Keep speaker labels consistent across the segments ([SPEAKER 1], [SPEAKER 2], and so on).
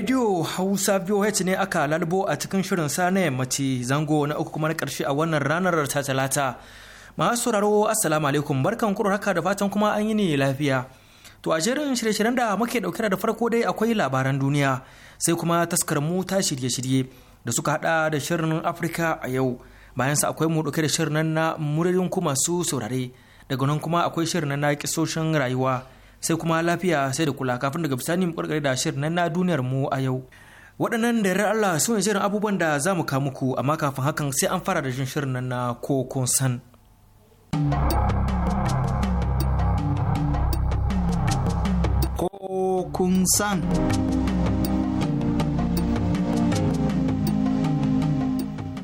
[SPEAKER 1] Radio Hausa VOH ne aka lalbo a cikin shirin sa na yammaci zango na uku kuma na ƙarshe a wannan ranar ta talata. Masu sauraro Assalamu alaikum barkan kuro haka da fatan kuma an yi ne lafiya. To a jerin shirye-shiryen da muke ɗauke da farko dai akwai labaran duniya sai kuma taskar mu ta shirye-shirye da suka hada da shirin Afirka a yau. Bayan sa akwai mu ɗauke da shirin na muririn kuma su saurare. Daga nan kuma akwai shirin na kisoshin rayuwa. sai kuma lafiya sai da kula kafin daga bisani mu kwarkare da shirin nan na duniyar mu a yau waɗannan da yarar Allah su ne shirin abubuwan da za mu kawo muku amma kafin hakan sai an fara da jin shirin nan na kokon san
[SPEAKER 2] kokun san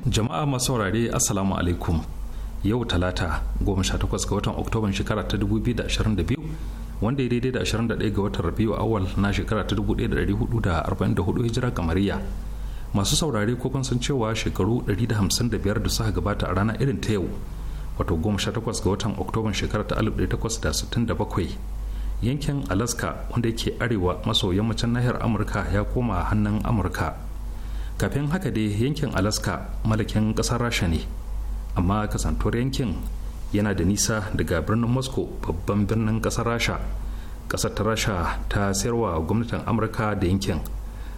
[SPEAKER 3] jama'a masu saurare assalamu alaikum yau talata 18 ga watan oktoban shekara ta 2022 wanda ya daidai da 21 ga watan rabiu awal na shekara ta 1444 hijira kamariya masu saurare ko kun san cewa shekaru 155 da suka gabata a rana irin ta yau wato 18 ga watan oktoban shekara ta 1867 yankin alaska wanda yake arewa maso yammacin nahiyar amurka ya koma hannun amurka kafin haka dai yankin alaska malakin kasar rasha ne amma kasantuwar yankin yana da nisa daga birnin moscow babban birnin kasar rasha kasar ta rasha ta sayarwa gwamnatin amurka da yankin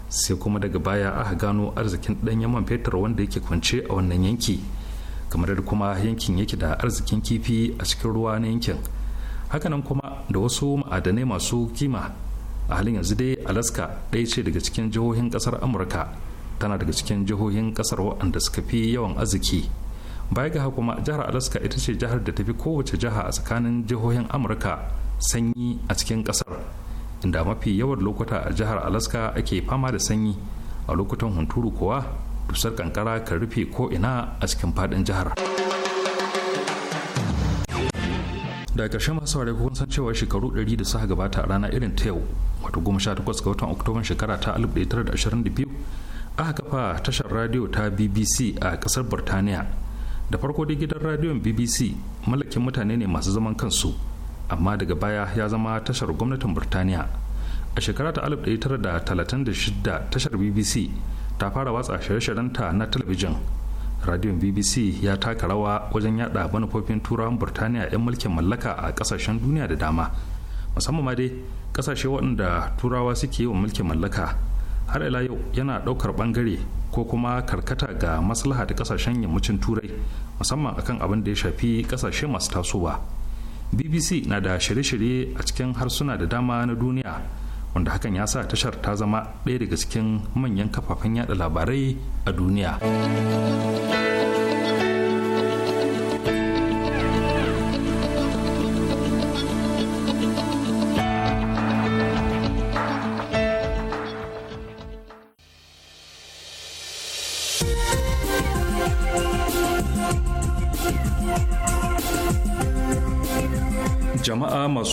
[SPEAKER 3] sai kuma daga baya aka gano arzikin dan yaman fetur wanda yake kwance a wannan yanki kamar da kuma yankin yake da arzikin kifi a cikin ruwa na yankin hakanan kuma da wasu ma'adanai masu kima a halin yanzu dai alaska ɗaya ce daga cikin jihohin ƙasar amurka tana daga cikin jihohin ƙasar waɗanda suka fi yawan arziki baya ga kuma jihar alaska ita ce jihar da tafi kowace jiha a tsakanin jihohin amurka sanyi a cikin kasar inda mafi yawan lokuta a jihar alaska ake fama da sanyi a lokutan hunturu kuwa dusar kankara kan rufe ko ina a cikin fadin jihar daga ƙarshen masu saurari kun san cewa shekaru 100 da suka gabata a rana irin ta yau wato 18 ga watan oktoban shekara ta 1922 aka kafa tashar radio ta bbc a ƙasar burtaniya da farko dai gidan radiyon bbc mallakin mutane ne masu zaman kansu amma daga baya ya zama tashar gwamnatin burtaniya a shekara ta 1936 tashar bbc ta fara watsa shirye-shiryenta na talabijin radiyon bbc ya taka rawa wajen yada manufofin turawan burtaniya 'yan mulkin mallaka a kasashen duniya da dama musamman ma dai kasashe waɗanda turawa suke yi wa mulkin mallaka har ila yau yana ɗaukar ɓangare ko kuma karkata ga maslaha da kasashen yammacin turai musamman akan abin da ya shafi kasashe masu tasowa bbc na da shirye-shirye a cikin harsuna da dama na duniya wanda hakan ya sa tashar ta zama ɗaya daga cikin manyan kafafen yada labarai a duniya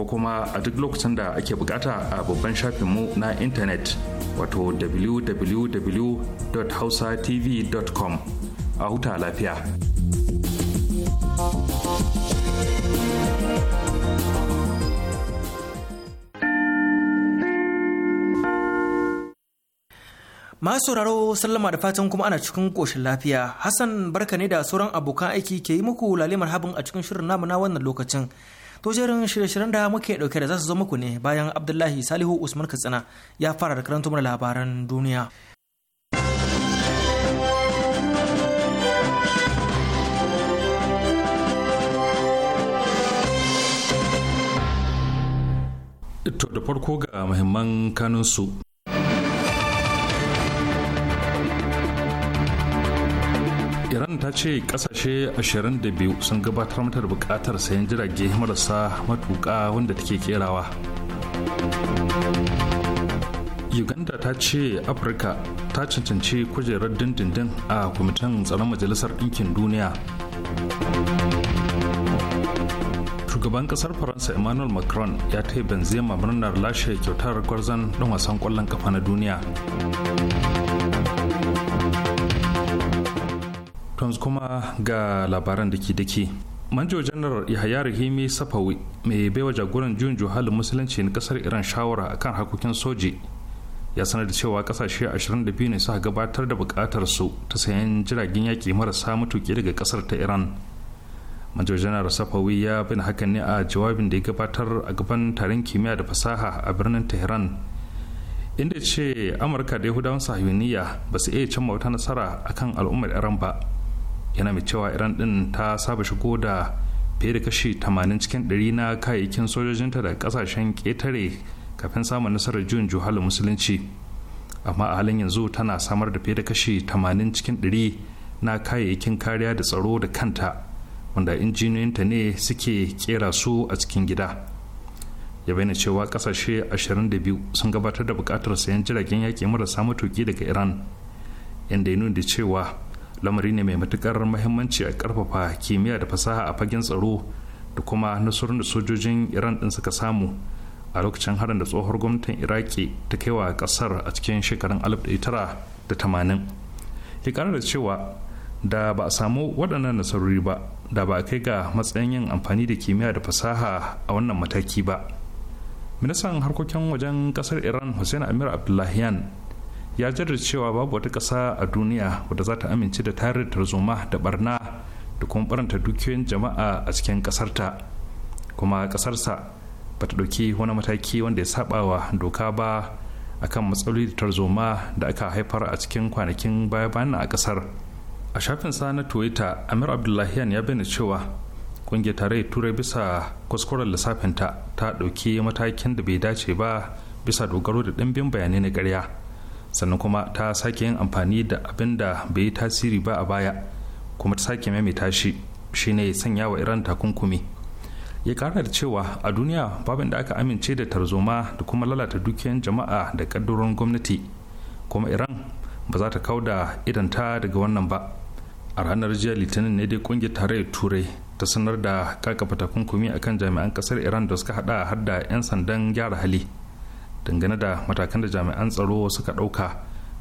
[SPEAKER 3] ko kuma a duk lokacin da ake bukata a babban shafinmu na intanet wato www.hausatv.com a huta lafiya.
[SPEAKER 1] Masu sauraro sallama da fatan kuma ana cikin ƙoshin lafiya. Hassan barka ne da sauran abokan aiki ke yi muku lalimar habin a cikin shirin namu wannan lokacin. to jerin shirye-shiryen da muke dauke da zasu zo muku ne bayan abdullahi salihu usman katsina ya fara da karanta mana labaran duniya
[SPEAKER 3] To da farko ga muhimman kanunsu ta ce kasashe 22 sun gabatar mata da bukatar sayan jirage marasa matuka wanda take kerawa uganda ta ce afirka ta cancanci kujerar dindindin a kwamitin tsaron majalisar ɗinkin duniya shugaban kasar faransa emmanuel macron ya ta benzema murnar lashe kyautar gwarzon ɗan wasan ƙwallon ƙafa na duniya Tons kuma ga labaran da ke dake manjo janar yahaya rahimi safawi mai baiwa jagoran juyin juhalin musulunci na kasar iran shawara akan harkokin soji ya sanar da cewa kasashe 22 ne suka gabatar da bukatar su ta sayan jiragen yaki marasa mutuki daga kasar ta iran manjo janar safawi ya bin hakan ne a jawabin da ya gabatar a gaban taron kimiyya da fasaha a birnin tehran inda ce amurka da yahudawan sahiyuniya ba su iya cimma wata nasara akan al'ummar iran ba yana mai cewa iran din ta saba shigo da fiye da kashi 80 cikin 100 na kayayyakin sojojinta da kasashen ƙetare kafin samun nasarar juyin juhalin musulunci amma a halin yanzu tana samar da fiye da kashi 80 cikin 100 na kayayyakin kariya da tsaro da kanta wanda injiniyanta ne suke kera su a cikin gida ya bayyana cewa kasashe 22 sun gabatar da bukatar sayan jiragen yaƙi marasa matuki daga iran inda ya nuna cewa lamari ne mai matukar mahimmanci a karfafa kimiyya da fasaha a fagen tsaro da kuma nasarar da sojojin iran din suka samu a lokacin harin da tsohuwar gwamnatin iraki ta kai wa kasar a cikin shekarun 1980 ya kara da cewa da ba a samu waɗannan nasarori ba da ba a kai ga matsayin yin amfani da kimiyya da fasaha a wannan mataki ba ministan harkokin wajen kasar iran hussein amir abdullahian ya jaddada cewa babu wata ƙasa a duniya wadda za ta amince da tarin tarzoma da barna da kuma baranta dukiyoyin jama'a a cikin ƙasarta kuma ƙasarsa ba ta ɗauki wani mataki wanda ya saba wa doka ba a kan matsaloli da tarzoma da aka haifar a cikin kwanakin baya bayan a ƙasar a shafin sa na twitter amir abdullahian ya bayyana cewa kungiyar tarayyar turai bisa kuskuren lissafinta ta ɗauki matakin da bai dace ba bisa dogaro da ɗimbin bayanai na karya. sannan kuma ta sake yin amfani da abin da bai yi tasiri ba a baya kuma ta sake maimaita shi shine sanya wa iran takunkumi ya kara cewa a duniya babin da aka amince da tarzoma da kuma lalata dukiyan jama'a da kaddarorin gwamnati kuma iran ba za ta kau da idan ta daga wannan ba a ranar jiya litinin ne dai kungiyar tarayyar turai ta sanar da kakafa takunkumi akan jami'an kasar iran da suka hada har da 'yan sandan gyara hali dangane da matakan da jami'an tsaro suka ɗauka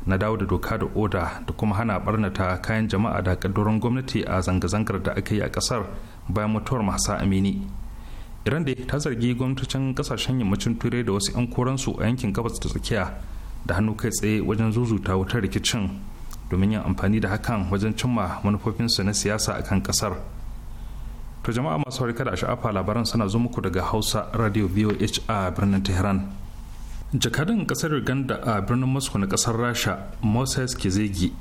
[SPEAKER 3] na dawo da doka da oda da kuma hana barnata kayan jama'a da kaddoron gwamnati a zanga-zangar da aka yi a ƙasar bayan mutuwar masu amini iran da ta zargi gwamnatocin kasashen yammacin turai da wasu 'yan koransu a yankin gabas da tsakiya da hannu kai tsaye wajen zuzuta wutar rikicin domin yin amfani da hakan wajen cimma manufofinsu na siyasa a kan kasar to jama'a masu harika da sha'afa labaran suna zo muku daga hausa radio voh a birnin tehran jakadan kasar uganda a birnin moscow na kasar rasha moses kizegi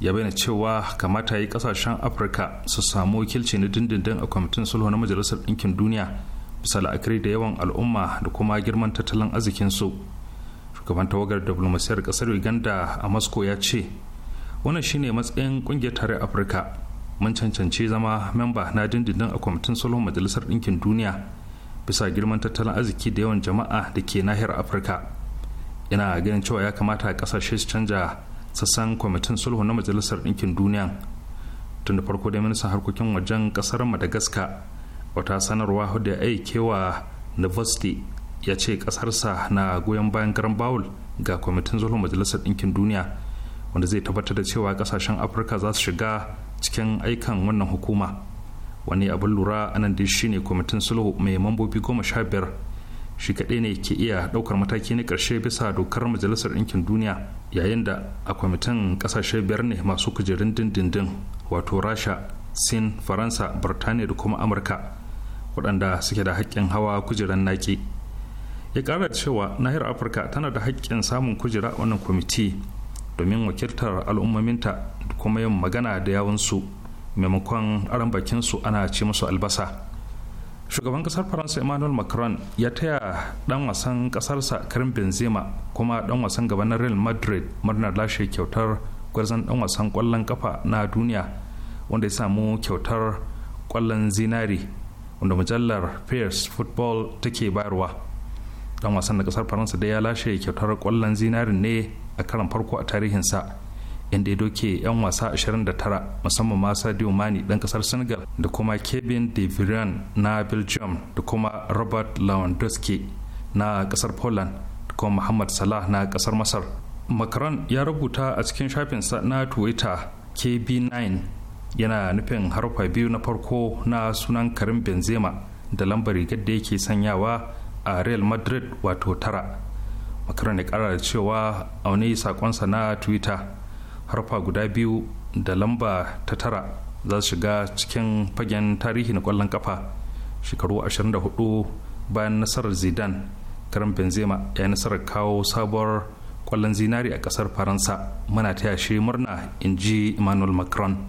[SPEAKER 3] ya bayyana cewa kamata yi kasashen afirka su samu wakilci na dindindin a kwamitin sulhu na majalisar ɗinkin duniya bisa la'akari da yawan al'umma da kuma girman tattalin arzikinsu shugaban tawagar diplomasiyar kasar uganda a moscow ya ce wannan shine matsayin kungiyar tare afirka mun cancanci zama memba na dindindin a kwamitin sulhu majalisar ɗinkin duniya bisa girman tattalin arziki da yawan jama'a da ke nahiyar afirka ina ganin cewa ya kamata a kasashe su canja sassan kwamitin sulhu na majalisar ɗinkin duniya tun da farko dai ministan harkokin wajen ƙasar madagascar wata sanarwa da aikewa navosti ya ce ƙasarsa na goyon bayan garan bawul ga kwamitin sulhu majalisar ɗinkin duniya wanda zai tabbatar da cewa ƙasashen afirka za su shiga cikin aikan wannan hukuma wani abin lura anan da shine kwamitin sulhu mai mambobi goma sha biyar shi kaɗai ne ke iya ɗaukar mataki na ƙarshe bisa dokar majalisar ɗinkin duniya yayin da a kwamitin ƙasashe biyar ne masu kujerun dindindin wato rasha sin faransa birtaniya da kuma amurka waɗanda suke da haƙƙin hawa kujeran naƙi ya ƙara da cewa nahiyar afirka tana da haƙƙin samun kujera wannan kwamiti domin wakiltar al'ummominta da kuma yin magana da yawunsu maimakon aron su ana ce musu albasa shugaban kasar faransa emmanuel macron ya taya dan wasan kasarsa karim benzema kuma dan wasan gabanin real madrid murnar lashe kyautar gwarzon dan wasan kwallon kafa na duniya wanda ya samu kyautar kwallon zinari wanda mujallar pierce football take bayarwa dan wasan da kasar faransa da ya lashe kyautar kwallon zinari ne a karan farko a tarihinsa inda ya doke 'yan wasa 29 musamman ma sadio mani ɗan ƙasar senegal da kuma kevin de Vrian na belgium da kuma robert lewandowski na ƙasar poland da kuma muhammad salah na ƙasar masar macron ya rubuta a cikin shafinsa na twitter kb9 yana nufin harfa biyu na farko na sunan karim benzema da lambar rigar da yake sanyawa a real madrid wato tara macron ya kara da cewa a wani sakonsa na twitter harfa guda biyu da lamba ta tara za su shiga cikin fagen tarihi na kwallon kafa shekaru 24 bayan nasarar zidane karan benzema ya nasarar kawo sabuwar kwallon zinari a kasar faransa muna taya shi murna in ji emmanuel macron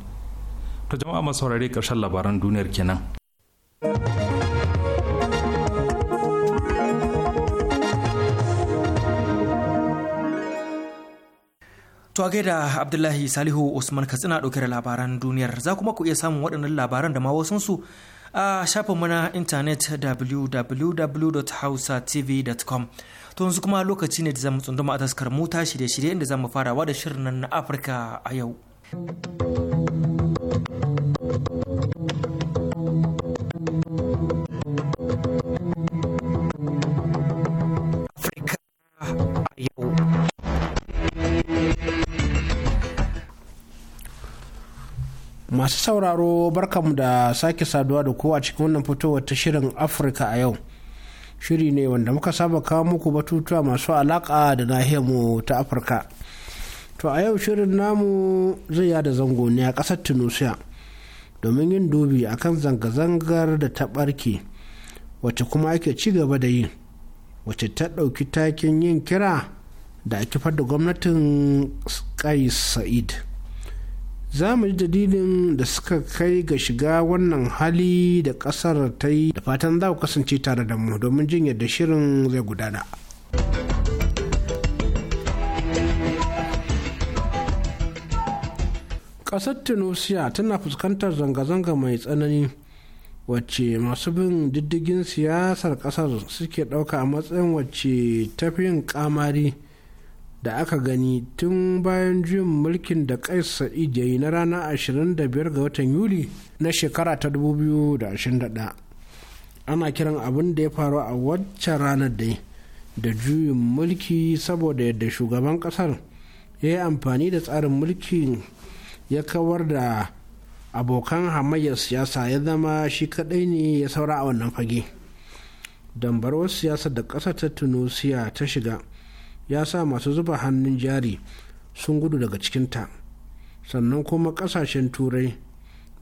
[SPEAKER 3] ta jama'a masaurare karshen labaran duniyar kenan.
[SPEAKER 1] To a gaida Abdullahi Salihu Usman Katsina ɗauke da labaran duniyar za kuma ku iya samun waɗannan labaran da ma su a shafin mana intanet www.hausatv.com to yanzu kuma lokaci ne da zamu tsunduma a taskar mu ta shirye-shirye inda zamu farawa da shirin nan na Afirka a yau.
[SPEAKER 4] masu sauraro barkamu da sake saduwa da kowa cikin wannan fitowa ta shirin afirka a yau shiri ne wanda muka saba kawo muku batutuwa masu alaka da nahiyarmu ta afirka to a yau shirin namu zai yada zango ne a ƙasar tunisia domin yin dubi kan zanga-zangar da ta ɓarke wacce kuma ake ci gaba da yi wacce ta ɗauki takin yin kira da ake da gwamnatin kai sa'id za mu ji dalilin da suka kai ga shiga wannan hali da kasar ta yi da fatan za ku kasance tare da mu domin jin yadda shirin zai gudana. kasar tunisia tana fuskantar zanga-zanga mai tsanani wacce masu bin diddigin siyasar kasar suke ɗauka a matsayin wacce tafiyin yin kamari da aka gani tun bayan juyin mulkin da kaisa sa'id na ranar 25 ga watan yuli na shekara ta 2021 ana kiran abin da ya faru a waccan ranar dai da juyin mulki saboda yadda shugaban kasar ya yi amfani da tsarin mulkin ya kawar da abokan hamayyar siyasa ya zama shi kadai ne ya saura a wannan fage dambarwar siyasa da ƙasa ta tunisia ta shiga ya sa masu zuba hannun jari sun gudu daga cikinta sannan kuma kasashen turai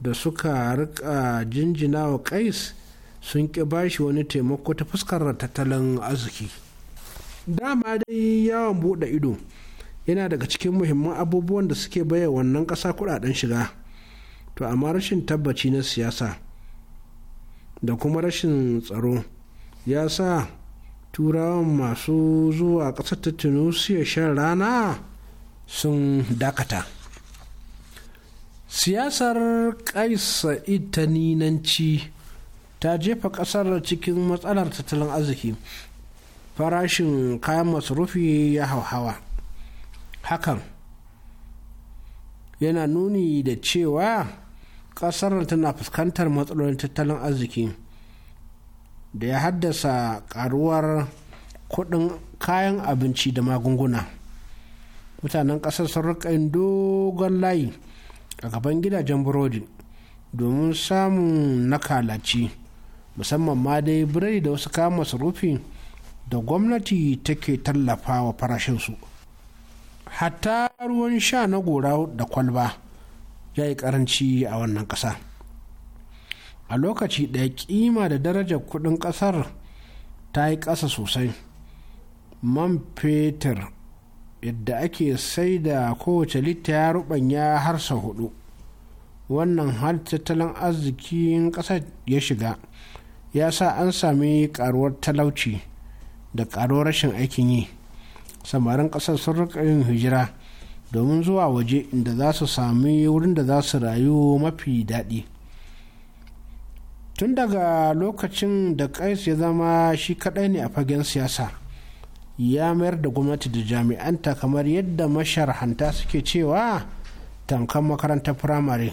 [SPEAKER 4] da suka rika jinjina wa kais sun ƙi bashi wani taimako ta fuskar tattalin arziki dama dai yawon buɗe ido yana daga cikin muhimman abubuwan da suke baya wannan ƙasa kuɗaɗen shiga to amma rashin tabbaci na siyasa da kuma rashin tsaro ya sa turawan masu zuwa ƙasar ta tunisia shan rana sun dakata siyasar kais sa'id ta ninanci ta jefa ƙasar cikin matsalar tattalin arziki farashin kayan masarufi ya hauhawa hakan yana nuni da cewa ƙasar tana fuskantar matsalolin tattalin arziki da ya haddasa karuwar kudin kayan abinci da magunguna mutanen kasar sun rika yin dogon layi a gaban gidajen burodi domin samun nakalaci musamman ma dai birai da wasu kayan masarufi da gwamnati take tallafa wa farashinsu hatta ruwan sha na gora da kwalba ya yi karanci a wannan ƙasa. a lokaci ɗaya kima da darajar kuɗin ƙasar ta yi ƙasa sosai man fetur yadda ake sai da kowace litta ya rubanya har sau hudu wannan har tattalin arzikin ƙasar ya shiga ya sa an sami karuwar talauci da karuwar rashin aikin yi samarin ƙasar sun yin hijira domin zuwa waje inda za su sami wurin da za su rayu mafi daɗi tun daga lokacin da kais ya zama shi kadai ne a fagen siyasa ya mayar da gwamnati da jami'anta kamar yadda masharhanta suke cewa tankan makarantar firamare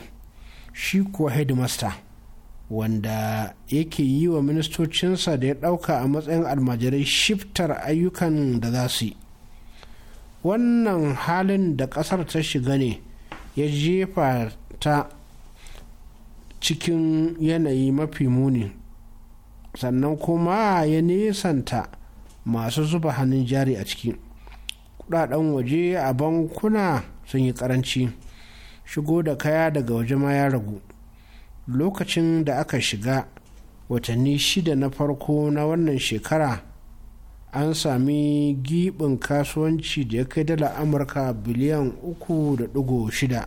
[SPEAKER 4] shi kuwa headmaster wanda yake yi wa ministocinsa da ya ɗauka a matsayin almajirai shiftar ayyukan da za su yi wannan halin da ƙasar ta shiga ne ya jefa ta cikin yanayi mafi muni sannan kuma ya nesanta masu zuba hannun jari a ciki kudaden waje a bankuna sun yi karanci shigo da kaya daga waje ma ya ragu lokacin da aka shiga watanni shida na farko na wannan shekara an sami gibin kasuwanci da ya kai dala amurka biliyan 3.6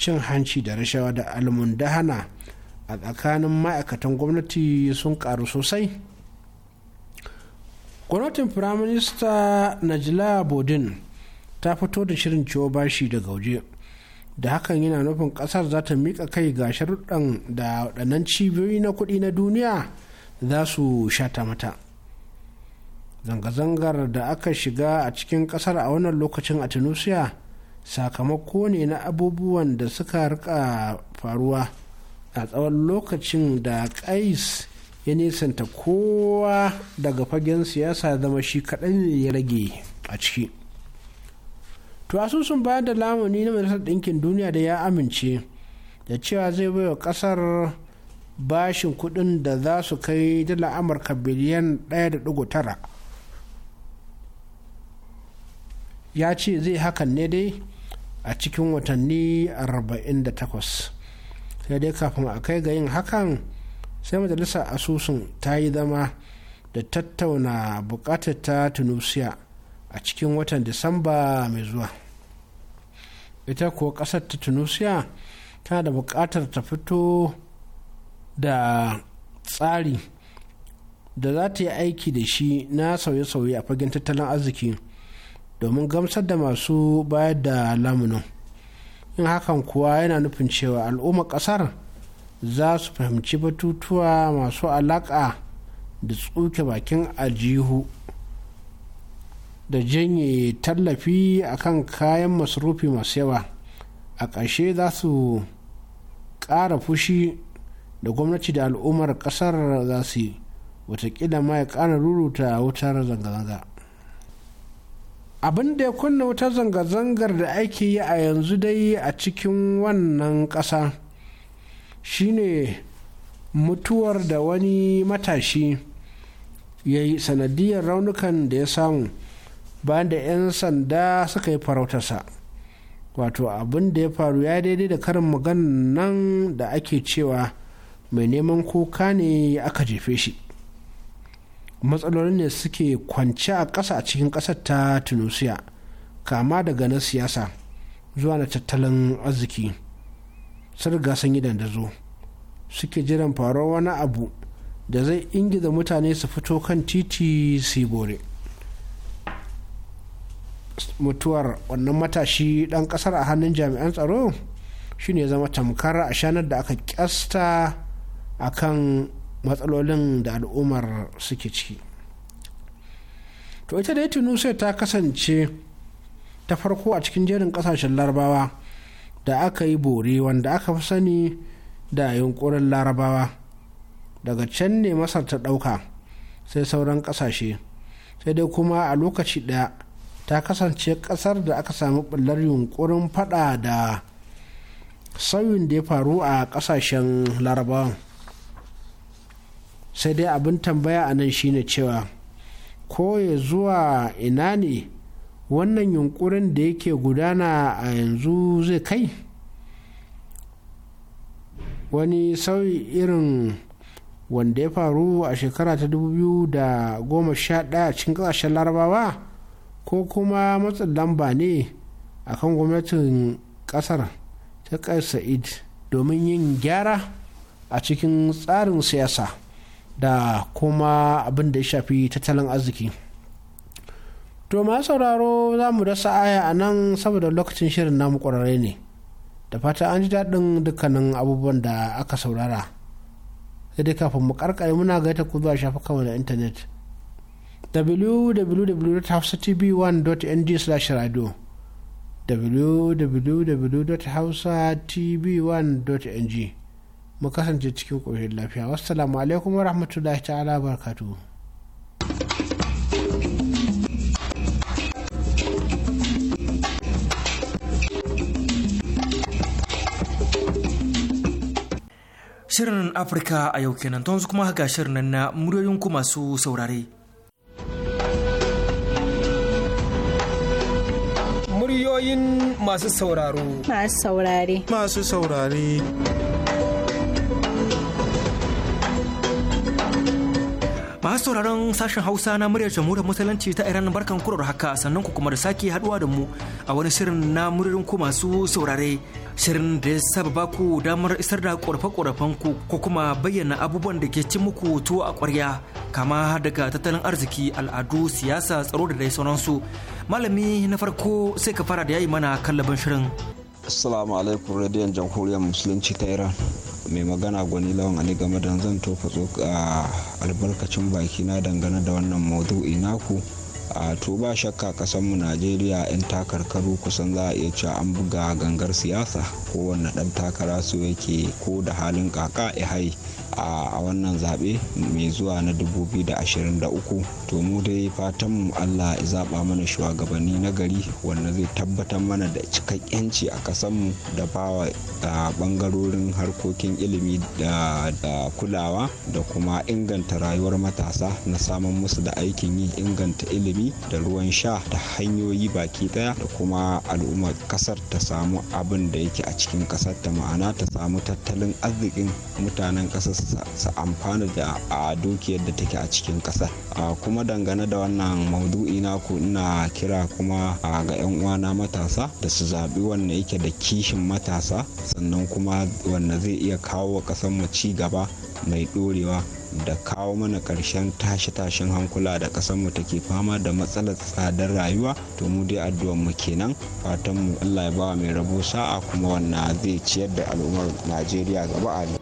[SPEAKER 4] cin hanci da rashawa da almundahana a tsakanin ma'aikatan gwamnati sun karu sosai gwamnatin firaminista najla bodin ta fito da shirin ciwo bashi daga waje da hakan yana nufin kasar za ta miƙa kai ga sharuɗan da waɗannan cibiyoyi na kuɗi na duniya za su shata mata zanga-zangar da aka shiga a cikin kasar a wannan lokacin a tunisia sakamako ne na abubuwan da suka rika faruwa a tsawon lokacin da kais ya nisanta kowa daga fagen siyasa zama shi kaɗan ya rage a ciki to asusun bayar da lamuni na majalisar ɗinkin duniya da ya amince da cewa zai baiwa ƙasar bashin kuɗin da za su kai dala amurka biliyan 1.9 ya ce zai hakan ne dai a cikin watanni 48 sai dai kafin a kai ga yin hakan sai majalisa asusun ta yi zama da tattauna bukatar ta tunisia a cikin watan disamba mai zuwa ita kuwa kasar ta tunisia tana da bukatar ta fito da tsari da za ta yi aiki da shi na sauye-sauye a fagen tattalin arziki domin gamsar da masu bayar da lamunin in hakan kuwa yana nufin cewa al'ummar ƙasar za su fahimci batutuwa masu alaƙa da tsuke bakin aljihu da janye tallafi akan kayan masarufi masu yawa a ƙarshe za su ƙara fushi da gwamnati da al'ummar ƙasar za su yi watakila ma ya ƙara ruruta wutar zanga-zanga abin da ya kunna wuta zanga-zangar da ake yi a yanzu dai a cikin wannan ƙasa shine mutuwar da wani matashi ya yi sanadiyar raunukan da ya samu bayan da 'yan sanda suka yi farautarsa wato abin da ya faru ya daidai da karin maganan nan da ake cewa mai neman kuka ne aka jefe shi matsalolin ne suke kwance a ƙasa a cikin ƙasar ta tunisia kama daga na siyasa zuwa na tattalin arziki sun riga sun yi dandazo suke jiran faruwar wani abu da zai ingiza mutane su fito kan titi su bore mutuwar wannan matashi ɗan ƙasar a hannun jami'an tsaro shine zama tamkar a shanar da aka ƙyasta a kan matsalolin da al'ummar suke ciki to ita dai tunisia ta kasance ta farko a cikin jerin kasashen larabawa da aka yi bore wanda aka fi sani da yunkurin larabawa daga can ne masar ta ɗauka sai sauran kasashe sai dai kuma a lokaci ɗaya ta kasance ƙasar da aka samu ɓullar yunkurin faɗa da sauyin da ya faru a kasashen larabawan sai dai abin tambaya a nan shine cewa ko ya zuwa ina ne wannan yunkurin da yake gudana a yanzu zai kai wani sauyi irin wanda ya faru a shekara ta 2011 cikin kasashen larabawa ko kuma matsin lamba ne a kan gwamnatin kasar ta kai sa'id domin yin gyara a cikin tsarin siyasa da kuma abin da ya shafi tattalin arziki to ma sauraro za mu da aya a nan saboda lokacin shirin namu ƙwararre ne da fata an ji daɗin dukkanin abubuwan da aka saurara sai dai kafin mu karkare muna gaita ku zuwa kawai da intanet www.hausatv1.ng/radio www.hausatv1.ng mu kasance cikin ƙoshin lafiya wassalamu alaikum wa rahmatullahi ta'ala barkatu
[SPEAKER 1] Shirin Afirka a yau kenan to kuma ga shirin nan na muryoyin ku masu saurare.
[SPEAKER 5] Muryoyin masu sauraro.
[SPEAKER 4] Masu saurare. Masu saurare.
[SPEAKER 1] masu sauraron sashen hausa na muryar jamhuriyar musulunci ta iran barkan kurar haka sannan ku kuma da sake haduwa da mu a wani shirin na muryar ku masu saurare shirin da ya saba ku damar isar da korafe-korafen ku ko kuma bayyana abubuwan da ke cin muku tuwo a kwarya kama daga tattalin arziki al'adu siyasa tsaro da dai sauransu malami na farko sai ka fara da yayi mana kallaban
[SPEAKER 6] shirin assalamu alaikum radiyon jamhuriyar musulunci ta iran mai magana gwani lawan ali game da zan tofa a albarkacin baki na dangane da wannan maudu'i naku a to ba shakka kasanmu najeriya 'yan takarkaru kusan za a iya cewa an buga gangar siyasa kowanne ɗan takara su yake ko da halin kaka ya hai a wannan zaɓe mai zuwa na 2023 to mu dai fatan mu allah ya zaɓa mana shugabanni na gari wanda zai tabbatar mana da cikakkenci a mu da bawa ɓangarorin harkokin ilimi da kulawa da kuma inganta rayuwar matasa na samun musu da aikin yi inganta ilimi da ruwan sha da hanyoyi baki daya da kuma al'ummar kasar ta samu abin da yake a cikin kasar ta ma'ana ta samu tattalin arzikin mutanen kasar su amfana da a dukiyar da take a cikin ƙasar kuma dangane da wannan maudu'i na ku ina kira kuma ga 'yan uwana matasa da su zaɓi wanda yake da kishin matasa sannan kuma wanda zai iya kawo wa ƙasar mu ci gaba mai ɗorewa da kawo mana ƙarshen tashe-tashen hankula da ƙasarmu take fama da matsalar tsadar rayuwa to mu dai mu kenan fatan mu Allah ya bawa mai rabo sa'a kuma wannan zai ciyar da al'ummar Najeriya gaba a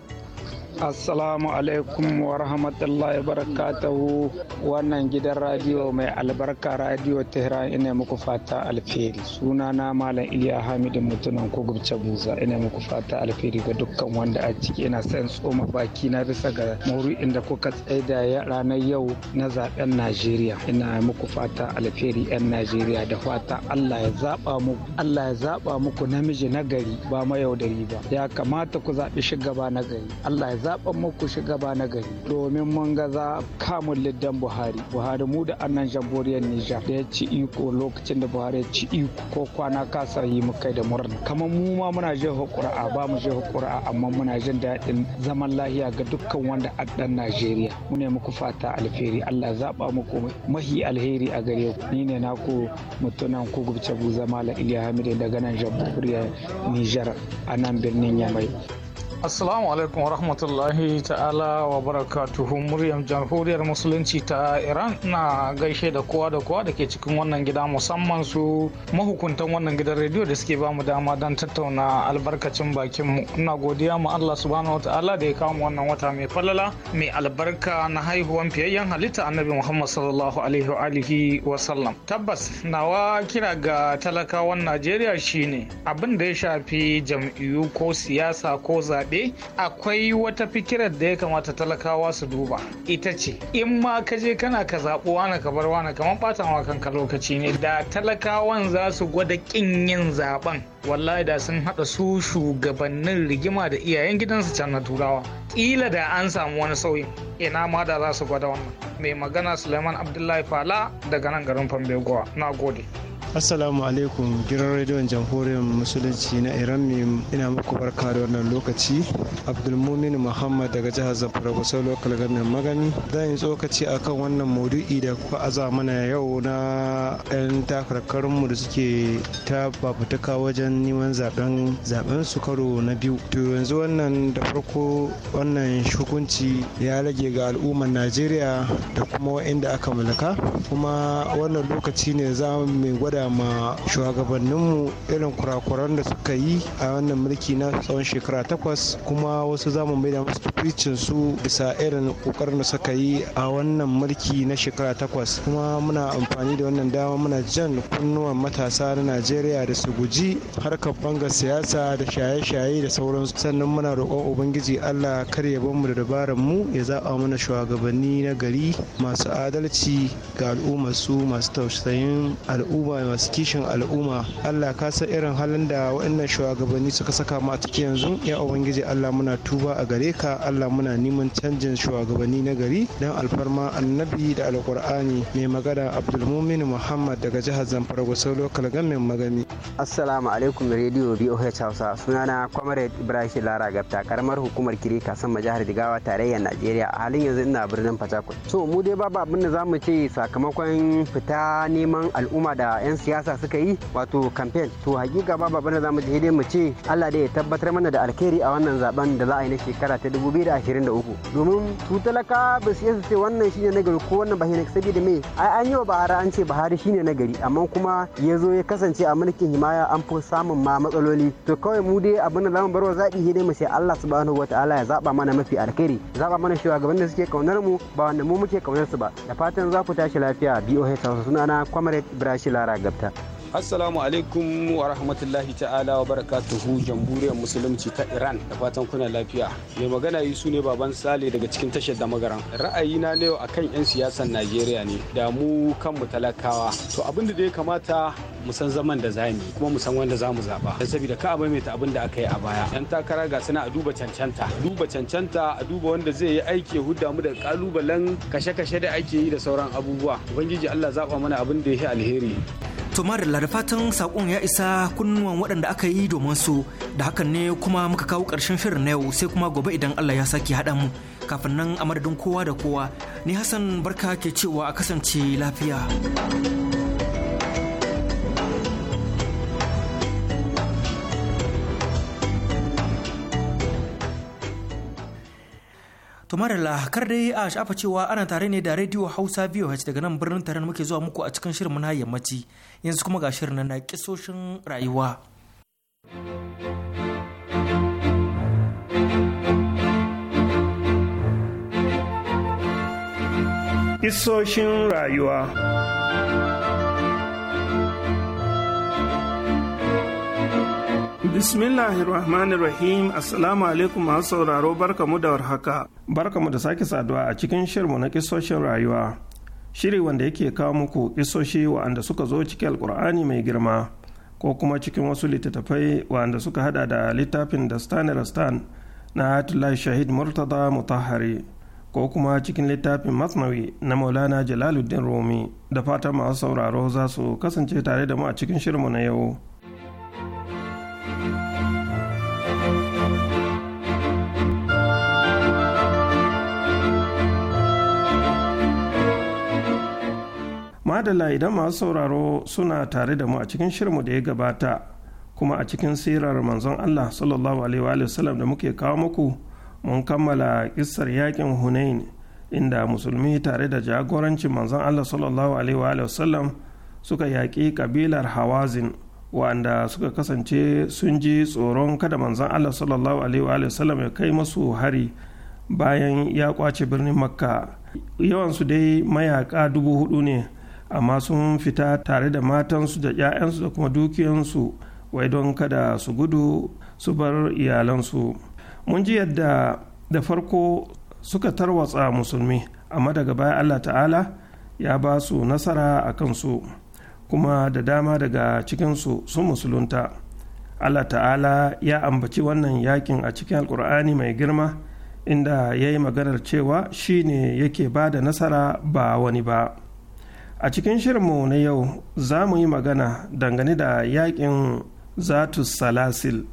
[SPEAKER 5] Assalamu alaikum wa rahmatullahi barakatuhu wannan gidan radiyo mai albarka radiyo Tehran ina muku fata alferi suna na Malam Iliya Hamidu mutunan kogubce buza ina muku fata alfiri ga dukkan wanda a ciki ina san tsoma baki na bisa ga muri inda kuka tsaida ranar yau na zaben Najeriya ina muku fata alfiri yan Najeriya da fata Allah ya zaba muku Allah ya zaba muku namiji nagari ba mayaudari ba ya kamata ku zaɓi shugaba nagari Allah ya zaɓen muku shugaba na gari domin mun ga za kamun liddan buhari buhari mu da annan jamhuriyar nijar da ya ci iko lokacin da buhari ya ci iko ko kwana kasar yi mu kai da murna kamar mu ma muna jin hukura ba mu jin hukura amma muna jin daɗin zaman lahiya ga dukkan wanda a ɗan najeriya mu ne muku fata alheri allah zaɓa muku mahi alheri a gare ku ni ne naku mutunan ku gubce buza mala iliya hamidu daga nan jamhuriyar nijar a nan birnin yamai
[SPEAKER 2] Assalamu alaikum wa rahmatullahi ta'ala wa barakatuhu muryar jamhuriyar musulunci ta Iran na gaishe da kowa da kowa da ke cikin wannan gida musamman su mahukuntan wannan gidan rediyo da suke bamu dama don tattauna albarkacin bakin mu. Ina godiya ma Allah subhanahu wa ta'ala da ya kawo mu wannan wata mai falala mai albarka na haihuwan fiyayyen halitta Annabi Muhammad sallallahu alaihi wa alihi wa sallam. Tabbas nawa kira ga talakawan Najeriya shine abin da ya shafi jam'iyyu ko siyasa ko za zaɓe akwai wata fikirar da ya kamata talakawa su duba ita ce in ma ka je kana ka zaɓo wani ka bar wani kamar wa kanka lokaci ne da talakawan za su gwada ƙin yin zaɓen wallahi da sun haɗa su shugabannin rigima da iyayen gidansu can na turawa ƙila da an samu wani sauyi ina ma da za su gwada wannan mai magana suleiman abdullahi fala daga nan garin fambegowa na gode
[SPEAKER 7] Assalamu alaikum gidan rediyon jamhuriyar musulunci na Iran ne ina muku barka da wannan lokaci. Abdulmumin Muhammad daga jihar Zamfara kusa lokal gamin magani. Zan yi tsokaci a kan wannan maudu'i da kuka aza mana yau na 'yan takarkarinmu da suke ta fafutuka wajen neman zaben zaben su karo na biyu. To yanzu wannan da farko wannan hukunci ya rage ga al'ummar Najeriya da kuma wa'inda aka mulka kuma wannan lokaci ne za mu gwada ma shugabanninmu irin kurakuran da suka yi a wannan mulki na tsawon shekara takwas kuma wasu zamu mai da musu tukwicin su bisa irin kokarin da suka yi a wannan mulki na shekara takwas kuma muna amfani da wannan dama muna jan kunnuwan matasa na najeriya da su guji harkar banga siyasa da shaye-shaye da sauransu sannan muna roƙon ubangiji allah kar ya bamu da dabarar mu ya zaɓa mana shugabanni na gari masu adalci ga al'umma su masu tausayin al'umma wa masu kishin al'umma allah ka san irin halin da waɗannan shugabanni suka saka mu a ciki yanzu ya ubangiji allah muna tuba a gare ka allah muna neman canjin shugabanni na gari don alfarma annabi da alkur'ani mai magana abdulmumin muhammad daga jihar zamfara gusau lokal gamin magami assalamu alaikum
[SPEAKER 8] radio boh hausa sunana comrade ibrahim lara gabta karamar hukumar kiri kasan jihar digawa tarayyar najeriya a halin yanzu ina birnin fatakwal so mu dai babu abin da za mu ce sakamakon fita neman al'umma da 'yan siyasa suka yi wato campaign to hakika ba babban da zamu je dai mu ce Allah dai ya tabbatar mana da alkhairi a wannan zaben da za a yi na shekara ta 2023 domin su talaka ba su yasa ce wannan shine nagari ko wannan ba shine saboda me ai an yi wa Buhari an ce Buhari shine nagari amma kuma ya zo ya kasance a mulkin himaya an fi samun ma matsaloli to kawai mu dai abin da zamu bar wa zabi dai mu ce Allah subhanahu wataala ya zaba mana mafi alkhairi zaba mana shugaban da suke kaunar mu ba wanda mu muke kaunar su ba da fatan za ku tashi lafiya BOH sunana Comrade Ibrahim Lara عجبتها
[SPEAKER 5] assalamu alaikum wa rahmatullahi ta'ala wa barakatuhu jamhuriyar musulunci ta iran da fatan kuna lafiya mai magana yi su ne baban sale daga cikin tashar da magaran ra'ayina yau akan 'yan siyasar najeriya ne da mu kanmu talakawa to abin da ya kamata mu san zaman da zamu kuma mu san wanda zamu zaba dan saboda ka abai mai ta abin da aka yi a baya yan takara ga suna a duba cancanta duba cancanta a duba wanda zai yi aiki ya hudda mu da kalubalen kashe-kashe da ake yi da sauran abubuwa ubangiji Allah zaba mana abin da ya alheri
[SPEAKER 1] to Allah da fatan saƙon ya isa kunnuwan waɗanda aka yi domin su da hakan ne kuma muka kawo ƙarshen shirin na yau sai kuma gobe idan Allah ya sake haɗa mu kafin nan a madadin kowa da kowa ni Hassan barka ke cewa a kasance lafiya. To marilla kar dai a shafa cewa ana tare ne da Radio Hausa VOH daga nan birnin taron muke zuwa muku a cikin shirin na yammaci yanzu kuma ga shirin na kisoshin rayuwa.
[SPEAKER 9] Kisoshin rayuwa Bismillahirrahmanirrahim Assalamu alaikum masu sauraro barkamu da warhaka. Barkamu da sake saduwa a cikin shirmu na kisoshin rayuwa. Shiri wanda yake kawo muku kisoshi wa'anda suka zo cikin alkur'ani mai girma ko kuma cikin wasu littattafai wa'anda suka hada da littafin da Stan Stan na Atullah Shahid Murtada Mutahari ko kuma cikin littafin Masnawi na Maulana Jalaluddin Rumi da fatan masu sauraro za su kasance tare da mu a cikin shirmu na yau. madala idan masu sauraro suna tare da mu a cikin shirinmu da ya gabata kuma a cikin sirar manzon allah sallallahu alaihi sallam da muke kawo muku mun kammala kissar yakin hunain inda musulmi tare da jagorancin manzon allah sallallahu alaihi sallam suka yaƙi kabilar hawazin wanda suka kasance sun ji tsoron kada manzon allah sallallahu alaihi sallam ya kai musu hari bayan ya kwace birnin makka yawansu dai mayaka dubu hudu ne amma sun fita tare da matansu da 'ya'yansu da kuma dukiyansu wai don kada su gudu su bar iyalansu mun ji yadda da farko suka tarwatsa musulmi amma daga baya allah ta'ala ya ba su nasara a kansu kuma da dama daga cikinsu sun musulunta allah ta'ala ya ambaci wannan yakin a cikin alkur'ani mai girma inda ya yi maganar cewa shi ne yake ba da nasara ba wani ba a cikin shirinmu na yau za mu yi magana dangane da yakin zatus salasil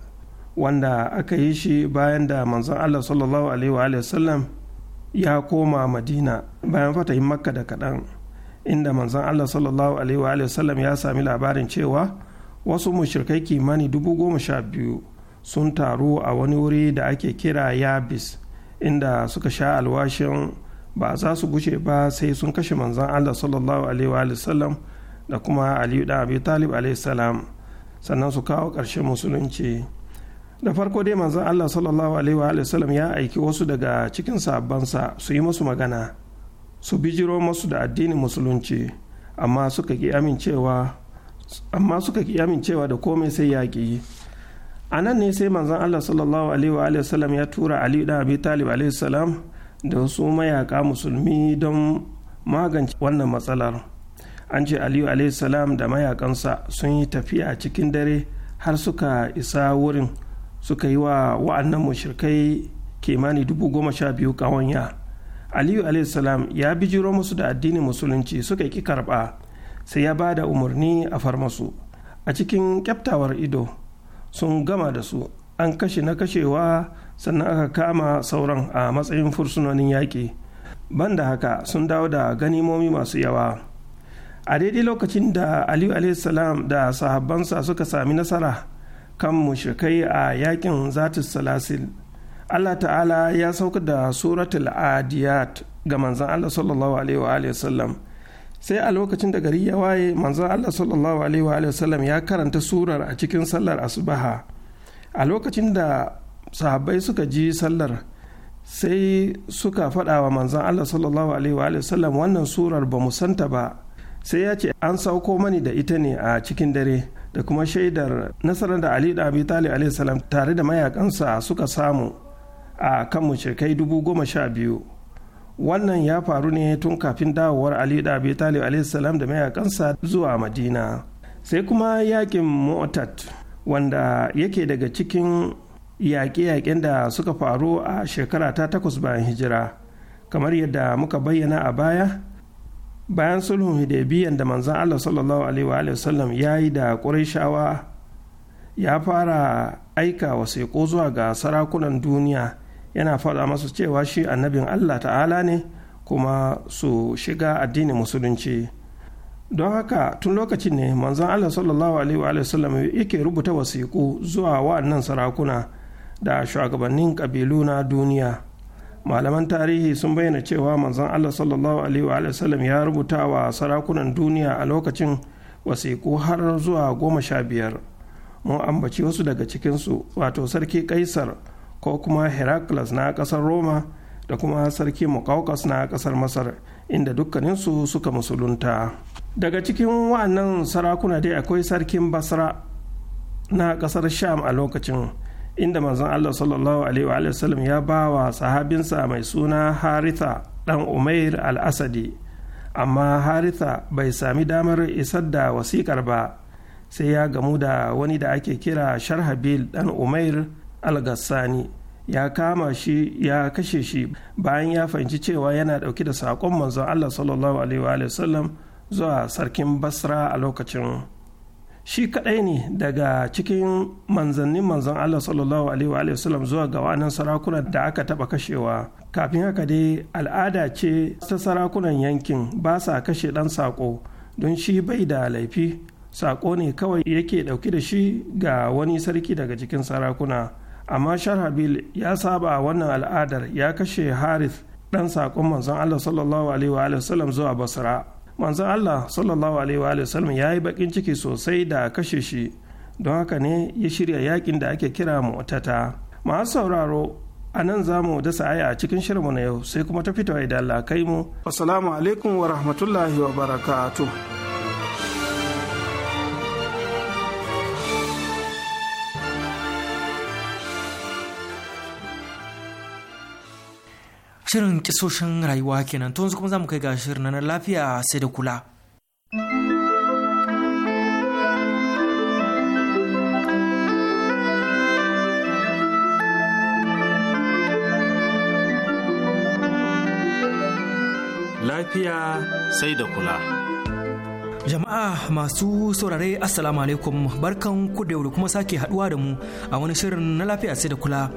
[SPEAKER 9] wanda aka yi shi bayan da manzon allah sallallahu alaihi wa sallam ya koma madina bayan fatahin makka da kaɗan inda manzon allah sallallahu alaihi wa sallam ya sami labarin cewa wasu mushirkai kimani dubu goma sha biyu sun taru a wani wuri da ake kira yabis inda suka sha alwashin ba za su gushe ba sai sun kashe manzan Allah sallallahu alaihi wa sallam da kuma Aliyu da Abi Talib alaihi salam sannan su kawo ƙarshen musulunci da farko dai manzan Allah sallallahu alaihi wa sallam ya aiki wasu daga cikin sabansa su yi musu magana su bijiro masu da addinin musulunci amma suka ki amincewa amma suka ki amincewa da komai sai yaƙi a nan ne sai manzan Allah sallallahu alaihi wa sallam ya tura Ali da Abi Talib alaihi salam da wasu mayaka musulmi don magance wannan matsalar an ce aliyu salam da mayakansa sun yi tafiya cikin dare har suka isa wurin suka yi wa wa'annan mushirkai kimani dubu goma sha biyu kawanya aliyu salam ya bijiro musu da addinin musulunci suka ki karba sai ya ba da umarni a farmasu a cikin kyaftawar ido sun gama da su an kashe na kashewa sannan aka kama sauran a matsayin fursunonin yaƙi Ban da haka sun dawo da ganimomi masu yawa a daidai lokacin da aliyu salam da sahabbansa suka sami nasara kan mushrikai a yakin zatis salasil allah ta'ala ya sauka da suratul adiyat ga manzan allah sallallahu alaihi wa sallam sai a lokacin da gari ya waye manzan allah sallallahu alaihi wa sallam ya karanta surar a cikin sallar asubaha a lokacin da sahabbai suka ji sallar sai suka faɗa wa manzan Allah sallallahu alaihi wa sallam wannan surar ba mu santa ba sai ya ce an sauko mani da ita ne a cikin dare da kuma shaidar nasarar da Ali da Abi Talib alaihi salam tare da mayakansa suka samu a kan mushrikai dubu goma sha biyu wannan ya faru ne tun kafin dawowar Ali da Abi Talib alaihi salam da mayakansa zuwa Madina sai kuma yakin motat wanda yake daga cikin yaƙe-yaƙen da suka faru a shekara ta takwas bayan hijira kamar yadda muka bayyana a baya bayan sulhun hidabiyan da manzan allah sallallahu alaihi wasallam ya yi da ƙurashawa ya fara aika wasiƙo zuwa ga sarakunan duniya yana faɗa masu cewa shi annabin allah ta'ala ne kuma su shiga addinin musulunci don haka tun lokacin ne manzan allah sallallahu alaihi wasallam yake rubuta wasiƙu zuwa wa'annan sarakuna da shugabannin ƙabilu na duniya malaman tarihi sun bayyana cewa manzon allah sallallahu alaihi wa sallam ya rubuta wa sarakunan duniya a lokacin wasiƙu har zuwa goma sha biyar mun ambaci wasu daga cikinsu wato sarki kaisar ko kuma heracles na ƙasar roma da kuma sarki mukaukas na ƙasar masar inda dukkaninsu suka musulunta daga cikin wa'annan sarakuna dai akwai sarkin basra na ƙasar sham a lokacin inda manzon Allah sallallahu alaihi wa sallam ya ba wa sahabinsa mai suna Haritha ɗan Umair al-Asadi amma Haritha bai sami damar isar da wasikar ba sai ya gamu da wani da ake kira Sharhabil ɗan Umair al gassani ya kama shi ya kashe shi bayan ya fahimci cewa yana dauke da saƙon manzon Allah sallallahu alaihi wa sallam zuwa sarkin Basra a lokacin shi kadai ne daga cikin manzannin manzan Allah sallallahu alaihi wa sallam zuwa ga wannan sarakunan da aka taba kashewa kafin haka dai al'ada ce ta sarakunan yankin ba sa kashe dan sako don shi bai da laifi sako ne kawai yake dauki da shi ga wani sarki daga cikin sarakuna amma sharhabil ya saba wannan al'adar ya kashe harith dan sakon manzon Allah sallallahu alaihi wa sallam zuwa basra manzon Allah sallallahu alaihi wa sallam ya yi bakin ciki sosai da kashe shi don haka ne ya shirya yakin da ake kira motata masu sauraro a nan za mu dasa aya a cikin shirinmu na yau sai kuma ta fitowa idan Allah kai mu assalamu alaikum wa rahmatullahi wa barakatuh
[SPEAKER 1] Shirin kisoshin rayuwa kenan to yanzu kuma za mu kai ga shirin na lafiya sai da kula.
[SPEAKER 9] Lafiya sai da kula.
[SPEAKER 1] Jama'a masu saurare Assalamu alaikum barkan ku da kuma sake haduwa da mu a wani shirin na lafiya sai da kula.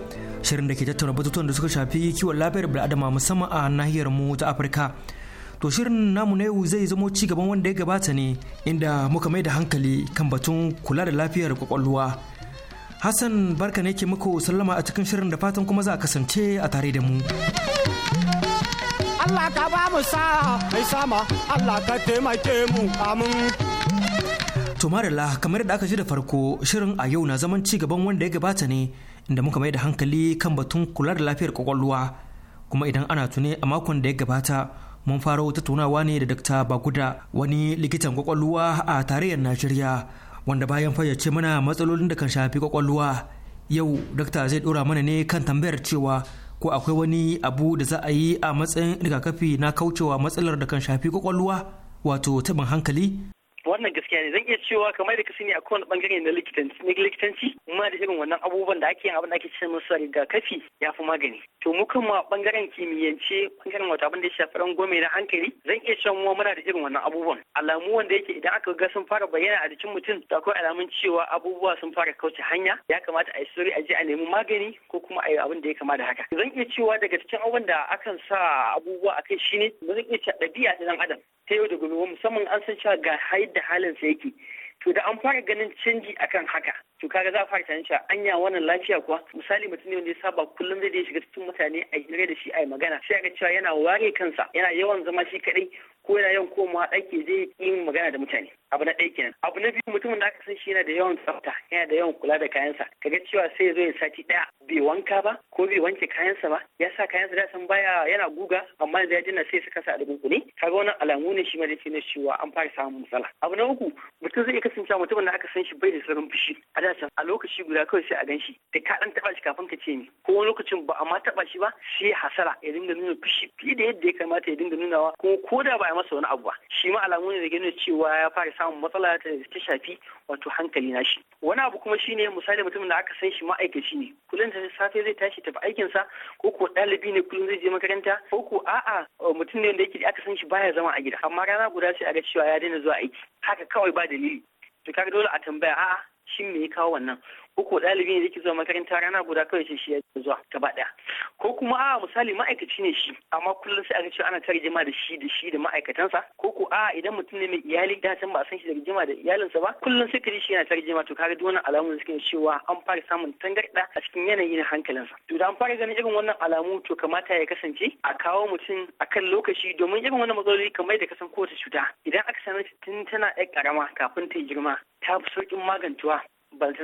[SPEAKER 1] shirin da ke tattauna batutuwan da suka shafi kiwon lafiyar bil'adama musamman a nahiyar mu ta afirka to shirin namu na yau zai zamo ci gaban wanda ya gabata ne inda muka mai da hankali kan batun kula da lafiyar kwakwalwa hassan barka ne ke muku sallama a cikin shirin da fatan kuma za a kasance a tare da mu
[SPEAKER 10] Allah ka ba mu sa mai sama Allah ka taimake mu amin
[SPEAKER 1] To marilla kamar da aka ji da farko shirin a yau na zaman ci gaban wanda ya gabata ne inda muka mai da hankali kan batun kula da lafiyar kwakwalwa kuma idan ana tune a makon da ya gabata mun fara wata tunawa ne da Dr. Baguda wani likitan kwakwalwa a tarayyar Najeriya wanda bayan fayyace mana matsalolin da kan shafi kwakwalwa yau dakta zai dora mana ne kan tambayar cewa ko akwai wani abu da za a yi a matsayin rigakafi na kaucewa matsalar da kan shafi kwakwalwa wato tabin hankali
[SPEAKER 10] wannan gaskiya ne zan iya cewa kamar da kasi ne a kowane bangare na likitanci na da irin wannan abubuwan da ake yin abin da ake cewa musu rigakafi ya fi magani to mu kuma bangaren kimiyyance bangaren wata abin da ya shafi rangwame na hankali zan iya cewa mu muna da irin wannan abubuwan alamu wanda yake idan aka ga sun fara bayyana a jikin mutum to akwai alamun cewa abubuwa sun fara kauce hanya ya kamata a yi sauri a je a nemi magani ko kuma a yi abin da ya kama da haka zan iya cewa daga cikin abubuwan da akan sa abubuwa akai shine zan iya cewa ɗabi'a ta dan adam ta yau da gobe musamman an san cewa ga haid yadda halin sa yake to da an fara ganin canji akan haka to kaga za a fara tunanin cewa ya wannan lafiya kuwa misali mutum ne wanda ya saba kullum zai shiga cikin mutane a hira da shi a yi magana sai ga cewa yana ware kansa yana yawan zama shi kadai ko yana yawan komawa aiki zai yi magana da mutane abu na ɗaya kenan abu na biyu mutumin da aka san shi yana da yawan tsafta yana da yawan kula da kayansa ga cewa sai ya zo ya sati ɗaya bai wanka ba ko bai wanke kayansa ba ya sa kayansa da san baya yana guga amma da ya dina sai suka sa a ne kaga wannan alamu ne shi ma da na cewa an fara samun matsala abu na uku mutum zai iya kasancewa mutumin da aka san shi bai da saurin fushi a yana can a lokaci guda kawai sai a gan shi da ka dan taba shi kafin ka ce ni ko wani lokacin ba a ma taba shi ba sai hasara ya dinga nuna fishi fiye da yadda ya kamata ya dinga nunawa kuma ko da ba a masa wani abu ba shi ma alamu ne da gani cewa ya fara samun matsala ta shafi wato hankali na shi wani abu kuma shine misali mutumin da aka san shi ma'aikaci ne kullum da safe zai tashi tafi aikinsa ko ko ɗalibi ne kullum zai je makaranta ko ko a'a mutum ne da yake aka san shi baya zama a gida amma rana guda sai a ga cewa ya daina zuwa aiki haka kawai ba dalili to kaga dole a tambaya a'a 心里考完了。ko ko ɗalibi ne yake zuwa makaranta rana guda kawai ce shi ya zuwa gaba ɗaya ko kuma a misali ma'aikaci ne shi amma kullum sai aka ce ana ta rigima da shi da shi da ma'aikatansa ko ko a idan mutum ne mai iyali da can ba a san shi da rigima da iyalinsa ba kullum sai ka ji shi yana ta rigima to kaga duk wannan alamun suke cewa an fara samun tangarɗa a cikin yanayi na hankalinsa to da an fara ganin irin wannan alamu to kamata ya kasance a kawo mutum a kan lokaci domin irin wannan matsaloli kamar da kasan kowace cuta idan aka same ta tun tana ƴar ƙarama kafin ta girma ta fi sauƙin magantuwa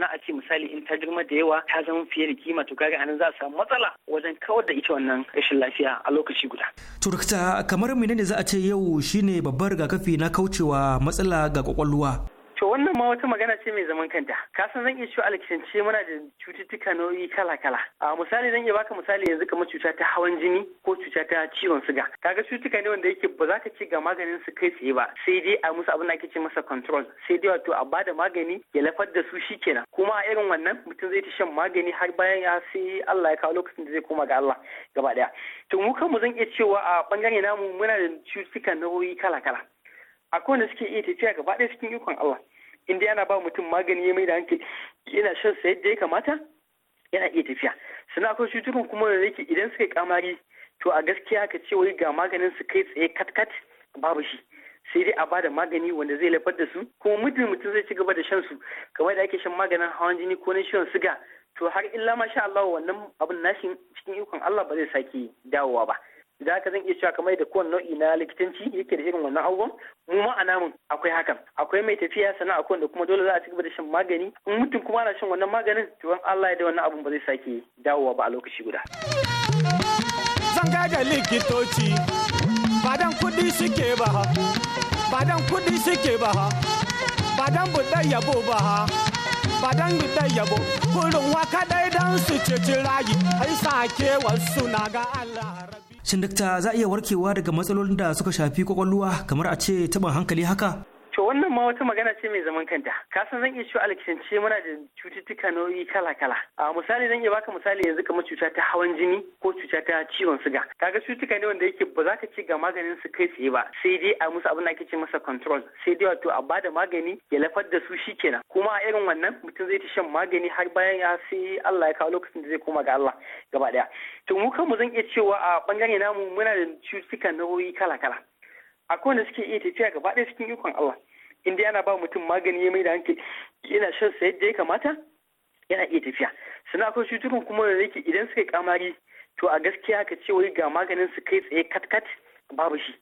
[SPEAKER 10] na a ce misali in ta girma da yawa ta zama fiye da kima to kaga anan za a samu matsala wajen kawar da ita wannan rashin lafiya a lokaci guda.
[SPEAKER 1] turakta kamar menene za a ce yau shine babbar rigakafi na kaucewa matsala ga kwakwalwa.
[SPEAKER 10] To wannan ma wata magana ce mai zaman kanta. Kasan zan iya cewa alkishance muna da cututtuka nau'i kala-kala. A misali zan iya baka misali yanzu kamar cuta ta hawan jini ko cuta ta ciwon suga. Kaga cututtuka ne wanda yake ba za ka ci ga maganin su kai tsaye ba. Sai dai a musu abin da ake ce masa control. Sai dai wato a bada magani ya lafar da su shi kenan. Kuma a irin wannan mutum zai ta shan magani har bayan ya sai Allah ya kawo lokacin da zai koma ga Allah gaba daya. To mu kanmu zan iya cewa a bangare namu muna da cututtuka nau'i kala-kala. akwai wanda suke iya tafiya gaba ɗaya cikin ikon Allah inda yana ba mutum magani ya mai da hankali yana shan sa yadda ya kamata yana iya tafiya sannan akwai cutukan kuma da yake idan suka kamari to a gaskiya ka ce wai ga maganin su kai tsaye katkat babu shi sai dai a ba da magani wanda zai lafar da su kuma muddin mutum zai ci gaba da shan su kamar da ake shan maganin hawan jini ko na ciwon siga to har illa masha Allah wannan abun nashin cikin ikon Allah ba zai sake dawowa ba Za ka zan iya cewa kamar da kowane nau'i na likitanci yake da irin wannan abubuwan mu ma a namun akwai hakan akwai mai tafiya sannan akwai wanda kuma dole za a ci gaba da shan magani in mutum kuma ana shan wannan maganin to Allah ya da wannan abun ba zai sake dawowa ba a lokaci guda.
[SPEAKER 5] Zan ga likitoci ba dan kuɗi suke ba ba dan kuɗi suke ba ba dan buɗe yabo ba ba dan buɗe yabo kurin waka kaɗai dan su ci rayu ai sake wasu na ga Allah.
[SPEAKER 1] Shin dakta za a iya warkewa daga matsalolin da suka shafi kwakwalwa kamar a ce taɓin hankali haka?
[SPEAKER 10] To wannan ma wata magana ce mai zaman kanta. Kasan zan iya cewa alkishance muna da cututtuka nau'i kala-kala. A misali zan iya baka misali yanzu kamar cuta ta hawan jini ko cuta ta ciwon suga. Kaga cutuka ne wanda yake ba za ka ce ga maganin su kai tsaye ba. Sai dai a musu abin da ake ce masa control. Sai dai wato a bada magani ya lafar da su shikenan. Kuma a irin wannan mutum zai ta shan magani har bayan ya sai Allah ya kawo lokacin da zai koma ga Allah gaba daya. To mu kanmu zan iya cewa a bangare namu muna da cututtuka nau'i kala-kala. akwai wanda suke iya tafiya gaba ɗaya cikin ikon Allah in dai ana ba mutum magani ya mai da hankali yana shan sa yadda ya kamata yana iya tafiya sannan akwai cutukan kuma da yake idan suka yi kamari to a gaskiya ka ce wai ga maganin su kai tsaye katkat babu shi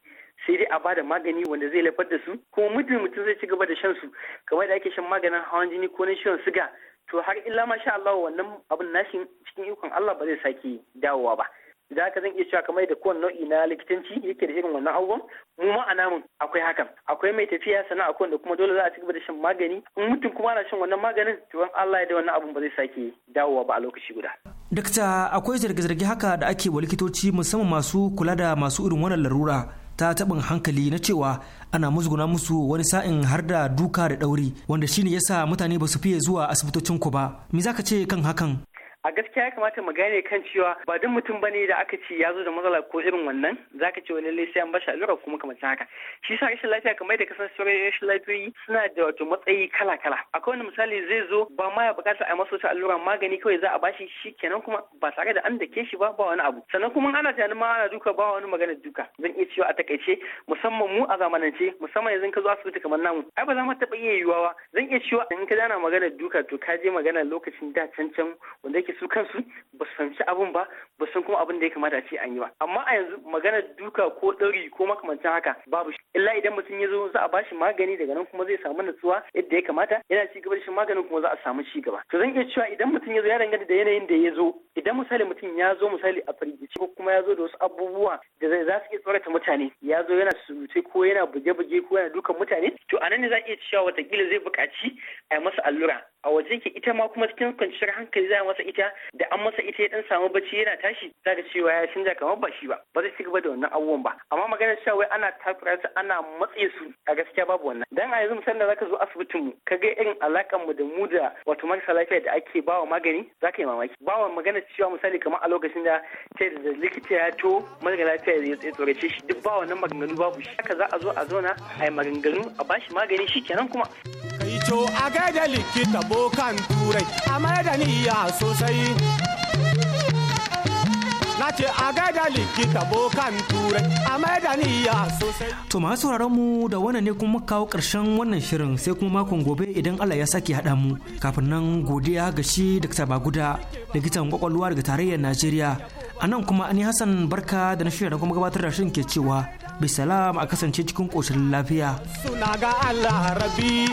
[SPEAKER 10] sai dai a bada magani wanda zai lafar da su kuma mutum mutum zai ci gaba da shan su kamar da ake shan maganin hawan jini ko na ciwon siga to har illa ma sha Allah wannan abin nashin cikin ikon Allah ba zai sake dawowa ba da ka zan iya cewa kamar da kowane nau'i na likitanci yake da irin wannan abubuwan mu ma a namun akwai hakan akwai mai tafiya sana akwai wanda kuma dole za a ci gaba da shan magani in mutum kuma ana shan wannan maganin to an Allah ya da wannan abun ba zai sake dawowa ba a lokaci guda
[SPEAKER 1] dakta akwai zarge-zarge haka da ake wa likitoci musamman masu kula da masu irin wannan larura ta taɓin hankali na cewa ana musguna musu wani sa'in har da duka da ɗauri wanda shine yasa mutane ba su fiye zuwa asibitocin ku ba me zaka ce
[SPEAKER 11] kan hakan
[SPEAKER 10] a gaskiya ya kamata mu gane kan cewa ba duk mutum bane da aka ce ya zo da matsala ko irin wannan zaka ce wani lallai sai an bashi allura kuma kamar haka shi sa rashin lafiya kamar da kasan sauran rashin lafiyoyi suna da wato matsayi kala kala akwai wani misali zai zo ba ma ya bukata a masa wata allura magani kawai za a bashi shi kenan kuma ba tare da an da ke shi ba ba wani abu sannan kuma ana tunanin ma ana duka ba wani magana duka zan iya cewa a takaice musamman mu a zamanance musamman yanzu ka zo asibiti kamar namu ai ba za mu taɓa iya yiwuwa zan iya cewa in ka dana magana duka to ka je magana lokacin da can can wanda yake ce su kansu ba su fahimci abin ba ba san kuma abin da ya kamata a ce an yi ba amma a yanzu magana duka ko ɗauri ko makamancin haka babu shi illa idan mutum ya zo za a bashi magani daga nan kuma zai samu natsuwa yadda ya kamata yana ci gaba da shi maganin kuma za a samu ci gaba to zan iya cewa idan mutum ya zo ya danganta da yanayin da ya zo idan misali mutum ya zo misali a firgice ko kuma ya zo da wasu abubuwa da za su iya tsorata mutane ya zo yana surute ko yana buge-buge ko yana dukan mutane to anan ne za a iya cewa watakila zai buƙaci a yi masa allura a wajen ke ita ma kuma cikin kwanciyar hankali za a masa ita sha da an masa ita ya dan samu bacci yana tashi zaka cewa ya canja kamar ba shi ba ba zai ci gaba da wannan abubuwan ba amma maganar cewa wai ana takura su ana matse su a gaskiya babu wannan dan a yanzu musamman da zaka zo asibitin mu ka ga irin alakan mu da mu da wato marasa lafiya da ake bawa magani zaka yi mamaki bawa magana cewa misali kamar a lokacin da ta da likita ya to marasa lafiya ya tsorace shi duk ba wannan maganganu babu shi haka za a zo a zauna a yi maganganu a bashi magani shi kenan kuma kai to a gaida likita bokan turai
[SPEAKER 5] a mai da niyya
[SPEAKER 10] sosai na ce a likita
[SPEAKER 1] a sosai to masu mu da wannan ne kuma kawo karshen wannan shirin sai kuma makon gobe idan Allah ya sake haɗa mu kafin nan godiya ga shi Dr. Baguda likitan kwakwalwa daga tarayyar Najeriya a nan kuma yi Hassan Barka da na shirya da kuma gabatar da shirin ke cewa bisalam a kasance cikin koshin lafiya
[SPEAKER 8] suna ga Allah
[SPEAKER 2] rabi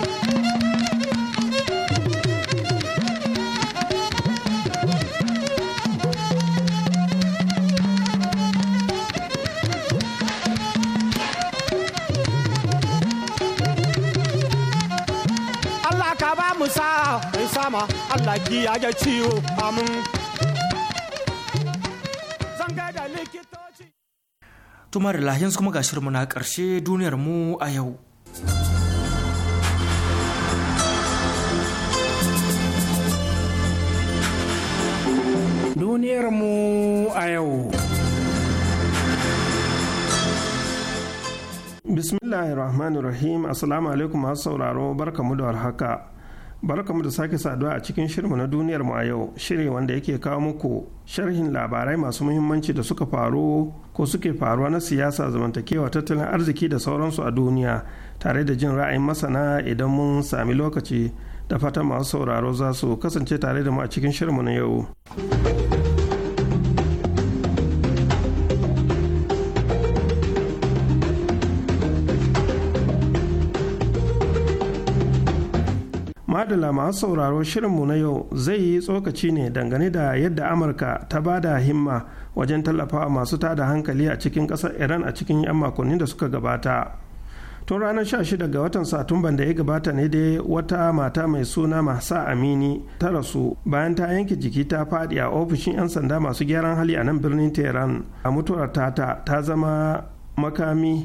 [SPEAKER 10] sama Allah ya ya ciwo amin
[SPEAKER 1] da kuma ga na karshe duniyar mu a yau
[SPEAKER 4] duniyar mu a yau
[SPEAKER 9] Bismillahirrahmanirrahim Assalamu alaikum masu sauraro barkamu da warhaka. barkamu da sake saduwa a cikin shirmu na duniyar mu a yau shiri wanda yake kawo muku sharhin labarai masu muhimmanci da suka faru ko suke faruwa na siyasa zamantakewa tattalin arziki da sauransu a duniya tare da jin ra'ayin masana idan mun sami lokaci da fata masu sauraro za su kasance tare da mu a cikin shirmu na yau. da masu sauraro shirinmu na yau zai yi tsokaci ne dangane da yadda amurka ta ba da himma wajen tallafawa masu tada hankali a cikin kasar iran a cikin 'yan makonni da suka gabata tun ranar 16 ga watan satumban da ya gabata ne dai wata mata mai suna masa amini ta rasu bayan ta yanke jiki ta faɗi a ofishin 'yan sanda masu gyaran hali a nan birnin tehran a mutuwar tata ta zama makami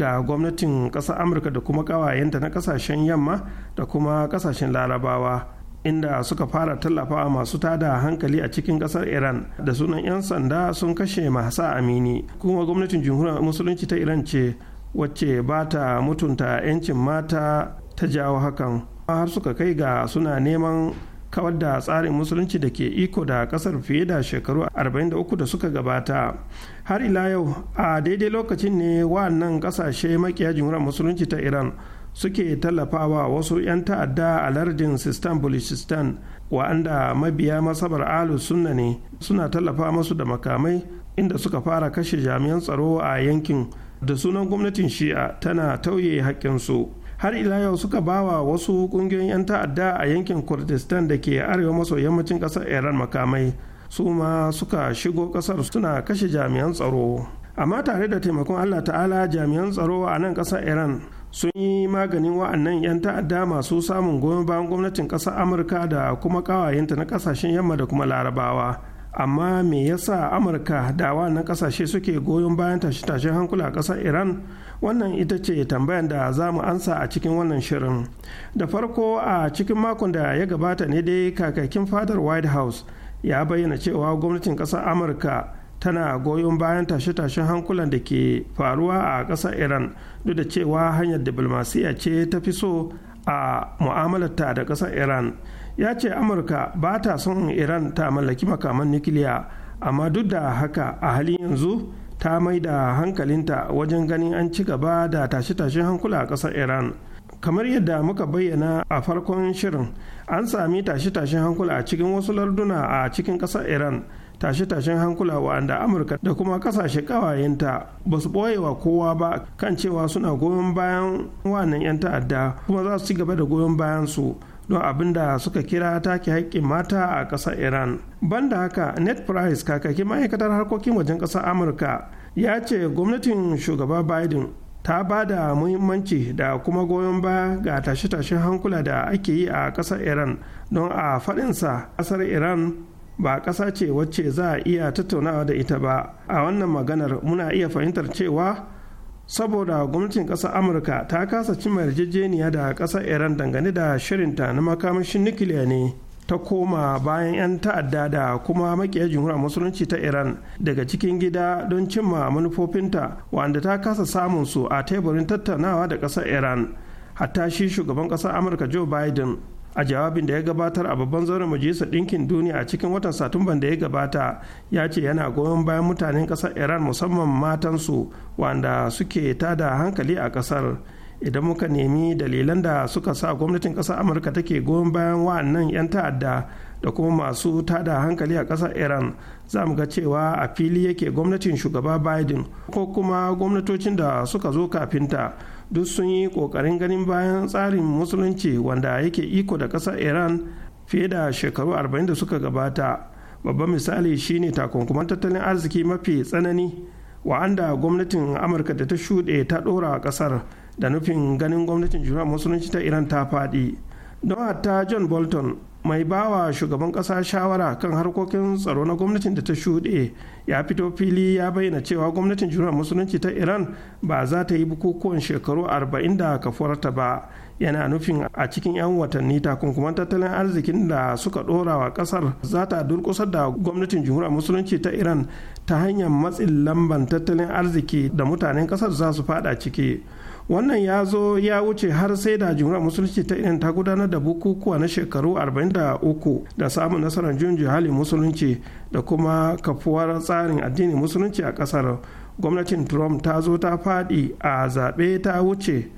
[SPEAKER 9] ga gwamnatin ƙasar amurka da kuma ƙawayenta na ƙasashen yamma da kuma kasashen larabawa inda suka fara tallafawa masu tada hankali a cikin kasar iran da sunan 'yan sanda sun kashe mahasa amini kuma gwamnatin jamhuriyar musulunci ta iran ce wacce ba ta mutunta 'yancin mata ta jawo hakan har suka kai ga suna neman kawar da tsarin musulunci da ke iko da kasar fiye da shekaru 43 da suka gabata har ila yau a daidai lokacin ne nan kasashe makiya jimhuriyar musulunci ta iran suke tallafawa wasu 'yan ta'adda a lardin sistan bulishistan wa'anda mabiya masabar alu sunna ne suna tallafa masu da makamai inda suka fara kashe jami'an tsaro a yankin da sunan gwamnatin shi'a tana tauye haƙƙinsu har ila yau suka bawa wasu ƙungiyoyin 'yan ta'adda a yankin kurdistan da ke arewa maso yammacin ƙasar iran makamai su ma suka shigo ƙasar suna kashe jami'an tsaro amma tare da taimakon allah ta'ala jami'an tsaro a nan ƙasar iran sun yi maganin wa'annan 'yan ta'adda masu samun goyon bayan gwamnatin ƙasar amurka da kuma ƙawayenta na ƙasashen yamma da kuma larabawa amma me yasa amurka da wa'annan ƙasashe suke goyon bayan tashe-tashen hankula a ƙasar iran wannan ita ce tambayan da za mu ansa a cikin wannan shirin da farko a cikin makon da ya gabata ne dai kakakin fadar white house ya bayyana cewa gwamnatin ƙasar amurka tana goyon bayan tashe-tashen hankulan da ke faruwa a ƙasar iran duk da cewa hanyar diplomasiya ce ta fi so a mu'amalarta da ƙasar iran ya ce amurka ba ta son iran ta mallaki makaman nukiliya amma duk da haka a halin yanzu ta mai da hankalinta wajen ganin an ci gaba da tashe-tashen hankula a ƙasar iran kamar yadda muka bayyana a farkon shirin an sami tashe-tashen hankula a cikin wasu larduna a cikin ƙasar iran tashe-tashen hankula wa'anda amurka da kuma kasashe kawayenta ba su ɓoye wa kowa ba kan cewa suna goyon bayan wannan 'yan ta'adda kuma za su ci gaba da goyon bayan su don abin da suka kira take haƙƙin mata a ƙasar iran banda haka net price kakakin ma'aikatar harkokin wajen ƙasar amurka ya ce gwamnatin shugaba biden ta ba da muhimmanci da kuma goyon baya ga tashe-tashen hankula da ake yi a ƙasar iran don a faɗinsa ƙasar iran ba ƙasa ce wacce za a iya tattaunawa da ita ba a wannan maganar muna iya fahimtar cewa saboda gwamnatin ƙasar amurka ta kasa cimma yarjejeniya da ƙasar iran dangane da shirinta na makamashin nukiliya ne ta koma bayan 'yan ta'adda da kuma makiya jumhuriyar musulunci ta iran daga cikin gida don cimma manufofinta wanda ta kasa samun su a teburin tattaunawa da ƙasar iran hatta shi shugaban ƙasar amurka joe biden a jawabin da ya gabatar a babban zauren majalisar ɗinkin duniya a cikin watan satumban da ya gabata ya ce yana goyon bayan mutanen ƙasar iran musamman matansu wanda suke tada hankali a ƙasar idan muka nemi dalilan da suka sa gwamnatin ƙasar amurka take goyon bayan wa'annan 'yan ta'adda da kuma masu tada hankali a ƙasar iran za mu ga cewa a fili yake gwamnatin shugaba biden ko kuma gwamnatocin da suka zo kafinta duk sun yi kokarin ganin bayan tsarin musulunci wanda yake iko da ƙasar iran fiye da shekaru 40 da suka gabata babban misali shine takunkuman tattalin arziki mafi tsanani wa'anda gwamnatin amurka da ta shuɗe ta ɗora a ƙasar da nufin ganin gwamnatin jiran musulunci ta iran ta faɗi don hatta john bolton mai bawa shugaban kasa shawara kan harkokin tsaro na gwamnatin da ta shuɗe ya fito fili ya bayyana cewa gwamnatin jihar musulunci ta iran ba za ta yi bukukuwan shekaru 40 da kafuwarta ba yana nufin a cikin 'yan watanni takunkuman tattalin arzikin da suka ɗora wa ƙasar za ta durƙusar da gwamnatin jihura musulunci ta iran ta hanyar matsin lamban tattalin arziki da mutanen ƙasar za su fada ciki. wannan ya zo ya wuce har sai da jumhuriyar musulunci ta irin ta gudanar da bukukuwa na shekaru 43 da samun nasarar junjin hali musulunci da kuma kafuwar tsarin addinin musulunci a kasar gwamnatin trump ta zo ta fadi a zaɓe ta wuce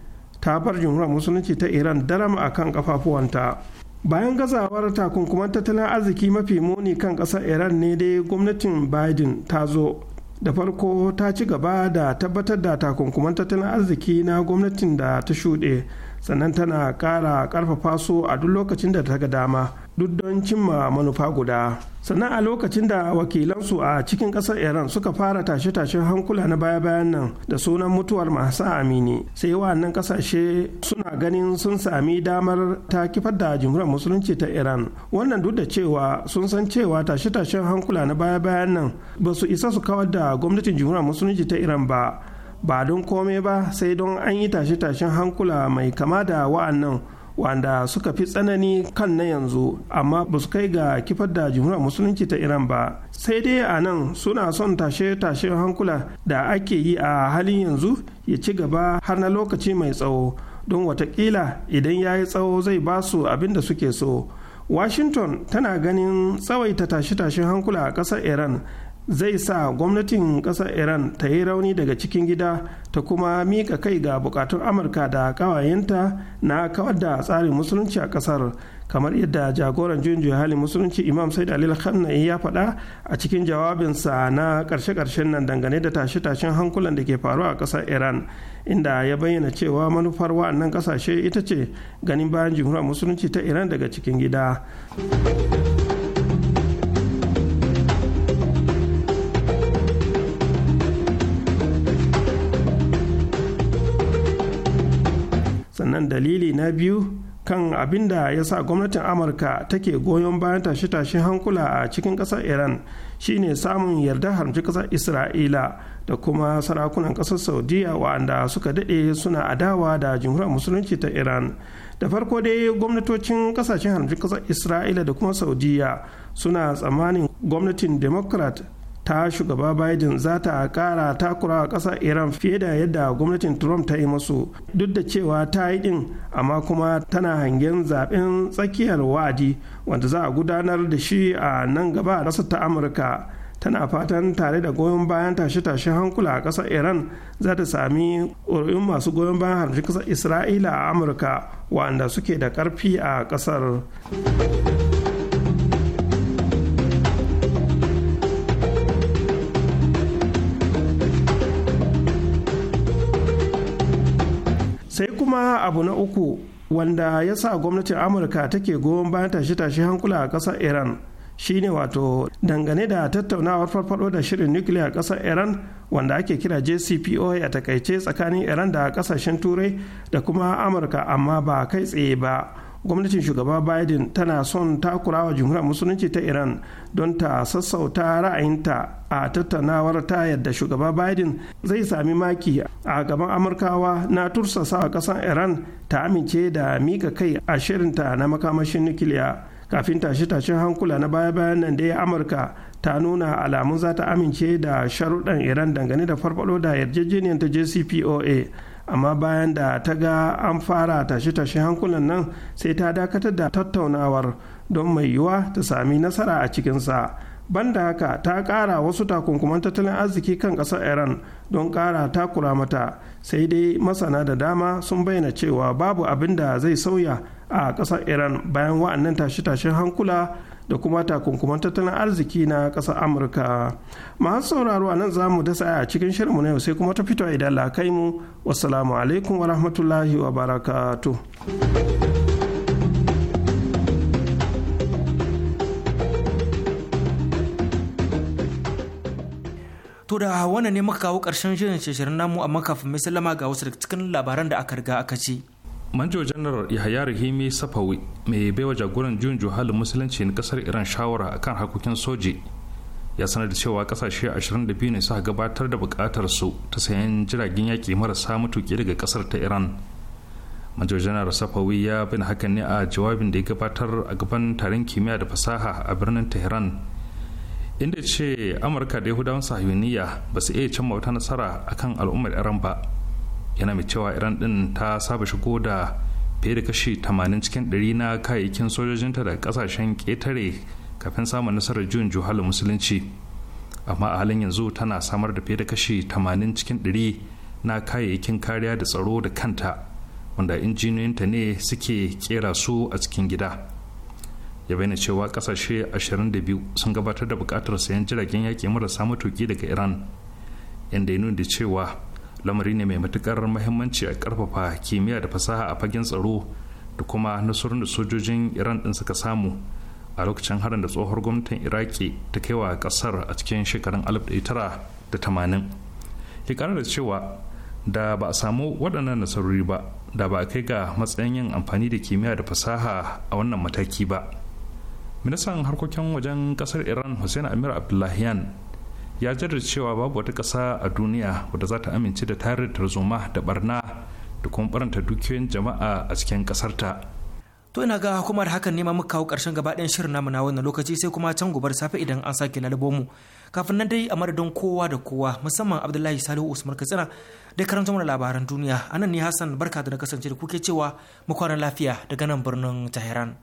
[SPEAKER 9] ta bar jumhuriyar musulunci ta iran daram a kan kafafuwanta bayan gazawar takunkuman tattalin arziki mafi muni kan ƙasar iran ne dai gwamnatin biden ta zo da farko ta ci gaba da tabbatar da takunkuman tattalin arziki na gwamnatin da ta shuɗe sannan tana ƙara ƙarfafa su a duk lokacin da ta ga dama duk don cimma manufa guda sannan a lokacin da wakilansu a cikin kasar iran suka fara tashe-tashen hankula na baya-bayan nan da sunan mutuwar mahasa amini sai wa'annan kasashe suna ganin sun sami damar ta kifar da jimhuriyar musulunci ta iran wannan duk da cewa sun san cewa tashe-tashen hankula na baya-bayan nan ba su isa su kawar da gwamnatin jimhuriyar musulunci ta iran ba ba don kome ba sai don an yi tashe-tashen hankula mai kama da wa'annan wanda suka fi tsanani kan na yanzu amma ba su kai ga kifar da jumhuriyar musulunci ta iran ba sai dai a nan suna son tashe-tashe hankula da ake yi a halin yanzu ya ci gaba har na lokaci mai tsawo don watakila idan ya yi tsawo zai ba su abin da suke so washington tana ganin tsawaita tashe-tashen hankula a ƙasar iran zai sa gwamnatin ƙasar iran ta yi rauni daga cikin gida ta kuma mika kai ga bukatun amurka da kawayenta na kawar da tsarin musulunci a kasar. kamar yadda jagoran juyin halin musulunci imam said alil khamnai ya faɗa a cikin jawabinsa na karshe-karshen nan dangane da tashe-tashen hankulan da ke faruwa a ƙasar iran inda ya bayyana cewa manufar wa'annan ƙasashe ita ce ganin bayan jimhuriyar musulunci ta iran daga cikin gida. dalili na biyu kan abin da ya sa gwamnatin amurka take goyon bayan tashe-tashen hankula a cikin ƙasar iran shine samun yarda harmci kasar isra'ila da kuma sarakunan ƙasar saudiya wa'anda suka daɗe suna adawa da jimhuriyar musulunci ta iran da farko dai gwamnatocin ƙasashen harmci ƙasar isra'ila da kuma saudiya suna tsammanin gwamnatin democrat ta shugaba biden za ta kara takura a ƙasar iran fiye da yadda gwamnatin trump ta yi masu duk da cewa ta yi din amma kuma tana hangen zaben tsakiyar wa'adi wanda za a gudanar da shi a nan gaba a ta amurka tana fatan tare da goyon bayan tashe tashen hankula a ƙasar iran za ta sami ƙuri'un masu goyon bayan harshen ƙasar isra'ila a amurka wa'anda suke da ƙarfi a ƙasar kuma abu na uku wanda ya sa gwamnatin amurka take goyon bayan tashe-tashe hankula a ƙasar iran shine wato dangane da tattaunawar farfado da shirin nukiliya ƙasar iran wanda ake kira jcpoa a takaice tsakanin iran da ƙasashen turai da kuma amurka amma ba kai tsaye ba gwamnatin shugaba biden tana son takurawa jamhuriyar musulunci ta iran don ta sassauta ra'ayinta a tattaunawar ta yadda shugaba biden zai sami maki a gaban amurkawa na tursasa a kasar iran ta amince da mika kai a shirinta na makamashin nukiliya kafin tashe-tashen hankula na baya-bayan nan da ya amurka ta nuna alamun za ta amince da sharuɗan iran dangane da farfado da yarjejeniyar ta jcpoa amma bayan da ta ga an fara tashe-tashe hankulan nan sai ta dakatar da tattaunawar don mai yiwuwa ta sami nasara a cikinsa banda haka ta kara wasu takunkuman tattalin arziki kan kasar iran don ƙara takura mata sai dai masana da dama sun bayyana cewa babu abin da zai sauya a kasar iran bayan wa'annan tashe-tashen hankula da kuma takunkuman tattalin arziki na ƙasar amurka masu sauraro a nan za mu dasa a cikin shirinmu na yau sai kuma ta fito idan la kai mu wassalamu alaikum wa rahmatullahi wa barakatu
[SPEAKER 1] To da wannan ne muka kawo ƙarshen shirin shirin namu amma kafin mai sallama ga wasu daga cikin labaran da aka riga aka ce.
[SPEAKER 3] manjo janar yahaya rahimi safawi mai baiwa jagoran juyin juhalin musulunci na kasar iran shawara akan harkokin soji ya sanar da cewa kasashe 22 ne suka gabatar da bukatar su ta sayan jiragen yaƙi marasa matuƙi daga kasar ta iran manjo janar safawi ya bin hakan ne a jawabin da ya gabatar a gaban taron kimiyya da fasaha a birnin tehran inda ce amurka da yahudawan sahiyuniya ba su iya cimma wata nasara akan al'ummar iran ba yana mai cewa iran din ta saba shigo da fiye da kashi 80 cikin 100 na kayayyakin sojojinta daga kasashen ketare kafin samun nasarar juyin juhal musulunci amma a halin yanzu tana samar da fiye da kashi 80 cikin 100 na kayayyakin kariya da tsaro da kanta wanda injiniyoyinta ne suke kera su a cikin gida ya bayyana cewa kasashe 22 sun gabatar da bukatar sayan jiragen yaƙi marasa matuki daga iran inda ya nuna cewa lamari ne mai matukar mahimmanci a karfafa kimiyya da fasaha a fagen tsaro da kuma nasarar da sojojin iran din suka samu a lokacin harin da tsohuwar gwamnatin iraki ta kai wa kasar a cikin shekarun 1980 ya kara da cewa da ba a samu waɗannan nasarori ba da ba a kai ga matsayin yin amfani da kimiyya da fasaha a wannan mataki ba ministan harkokin wajen kasar iran hussein amir abdullahian ya jaddada cewa babu wata ƙasa a duniya wadda za ta amince da tarin tarzoma da barna da kuma baranta dukiyoyin jama'a a cikin
[SPEAKER 4] ƙasarta.
[SPEAKER 1] To ina ga kuma da hakan
[SPEAKER 3] nema muka kawo ƙarshen gaba ɗayan shirin namu na wannan lokaci sai kuma can
[SPEAKER 1] gobar safe idan an sake lalabo mu. Kafin nan dai a madadin kowa da kowa musamman Abdullahi Salihu Usman Katsina da karanta mana labaran duniya. Anan ne Hassan barka da na kasance da kuke cewa mu kwana lafiya daga nan birnin Tehran.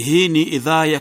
[SPEAKER 9] Hii ni idhaa ya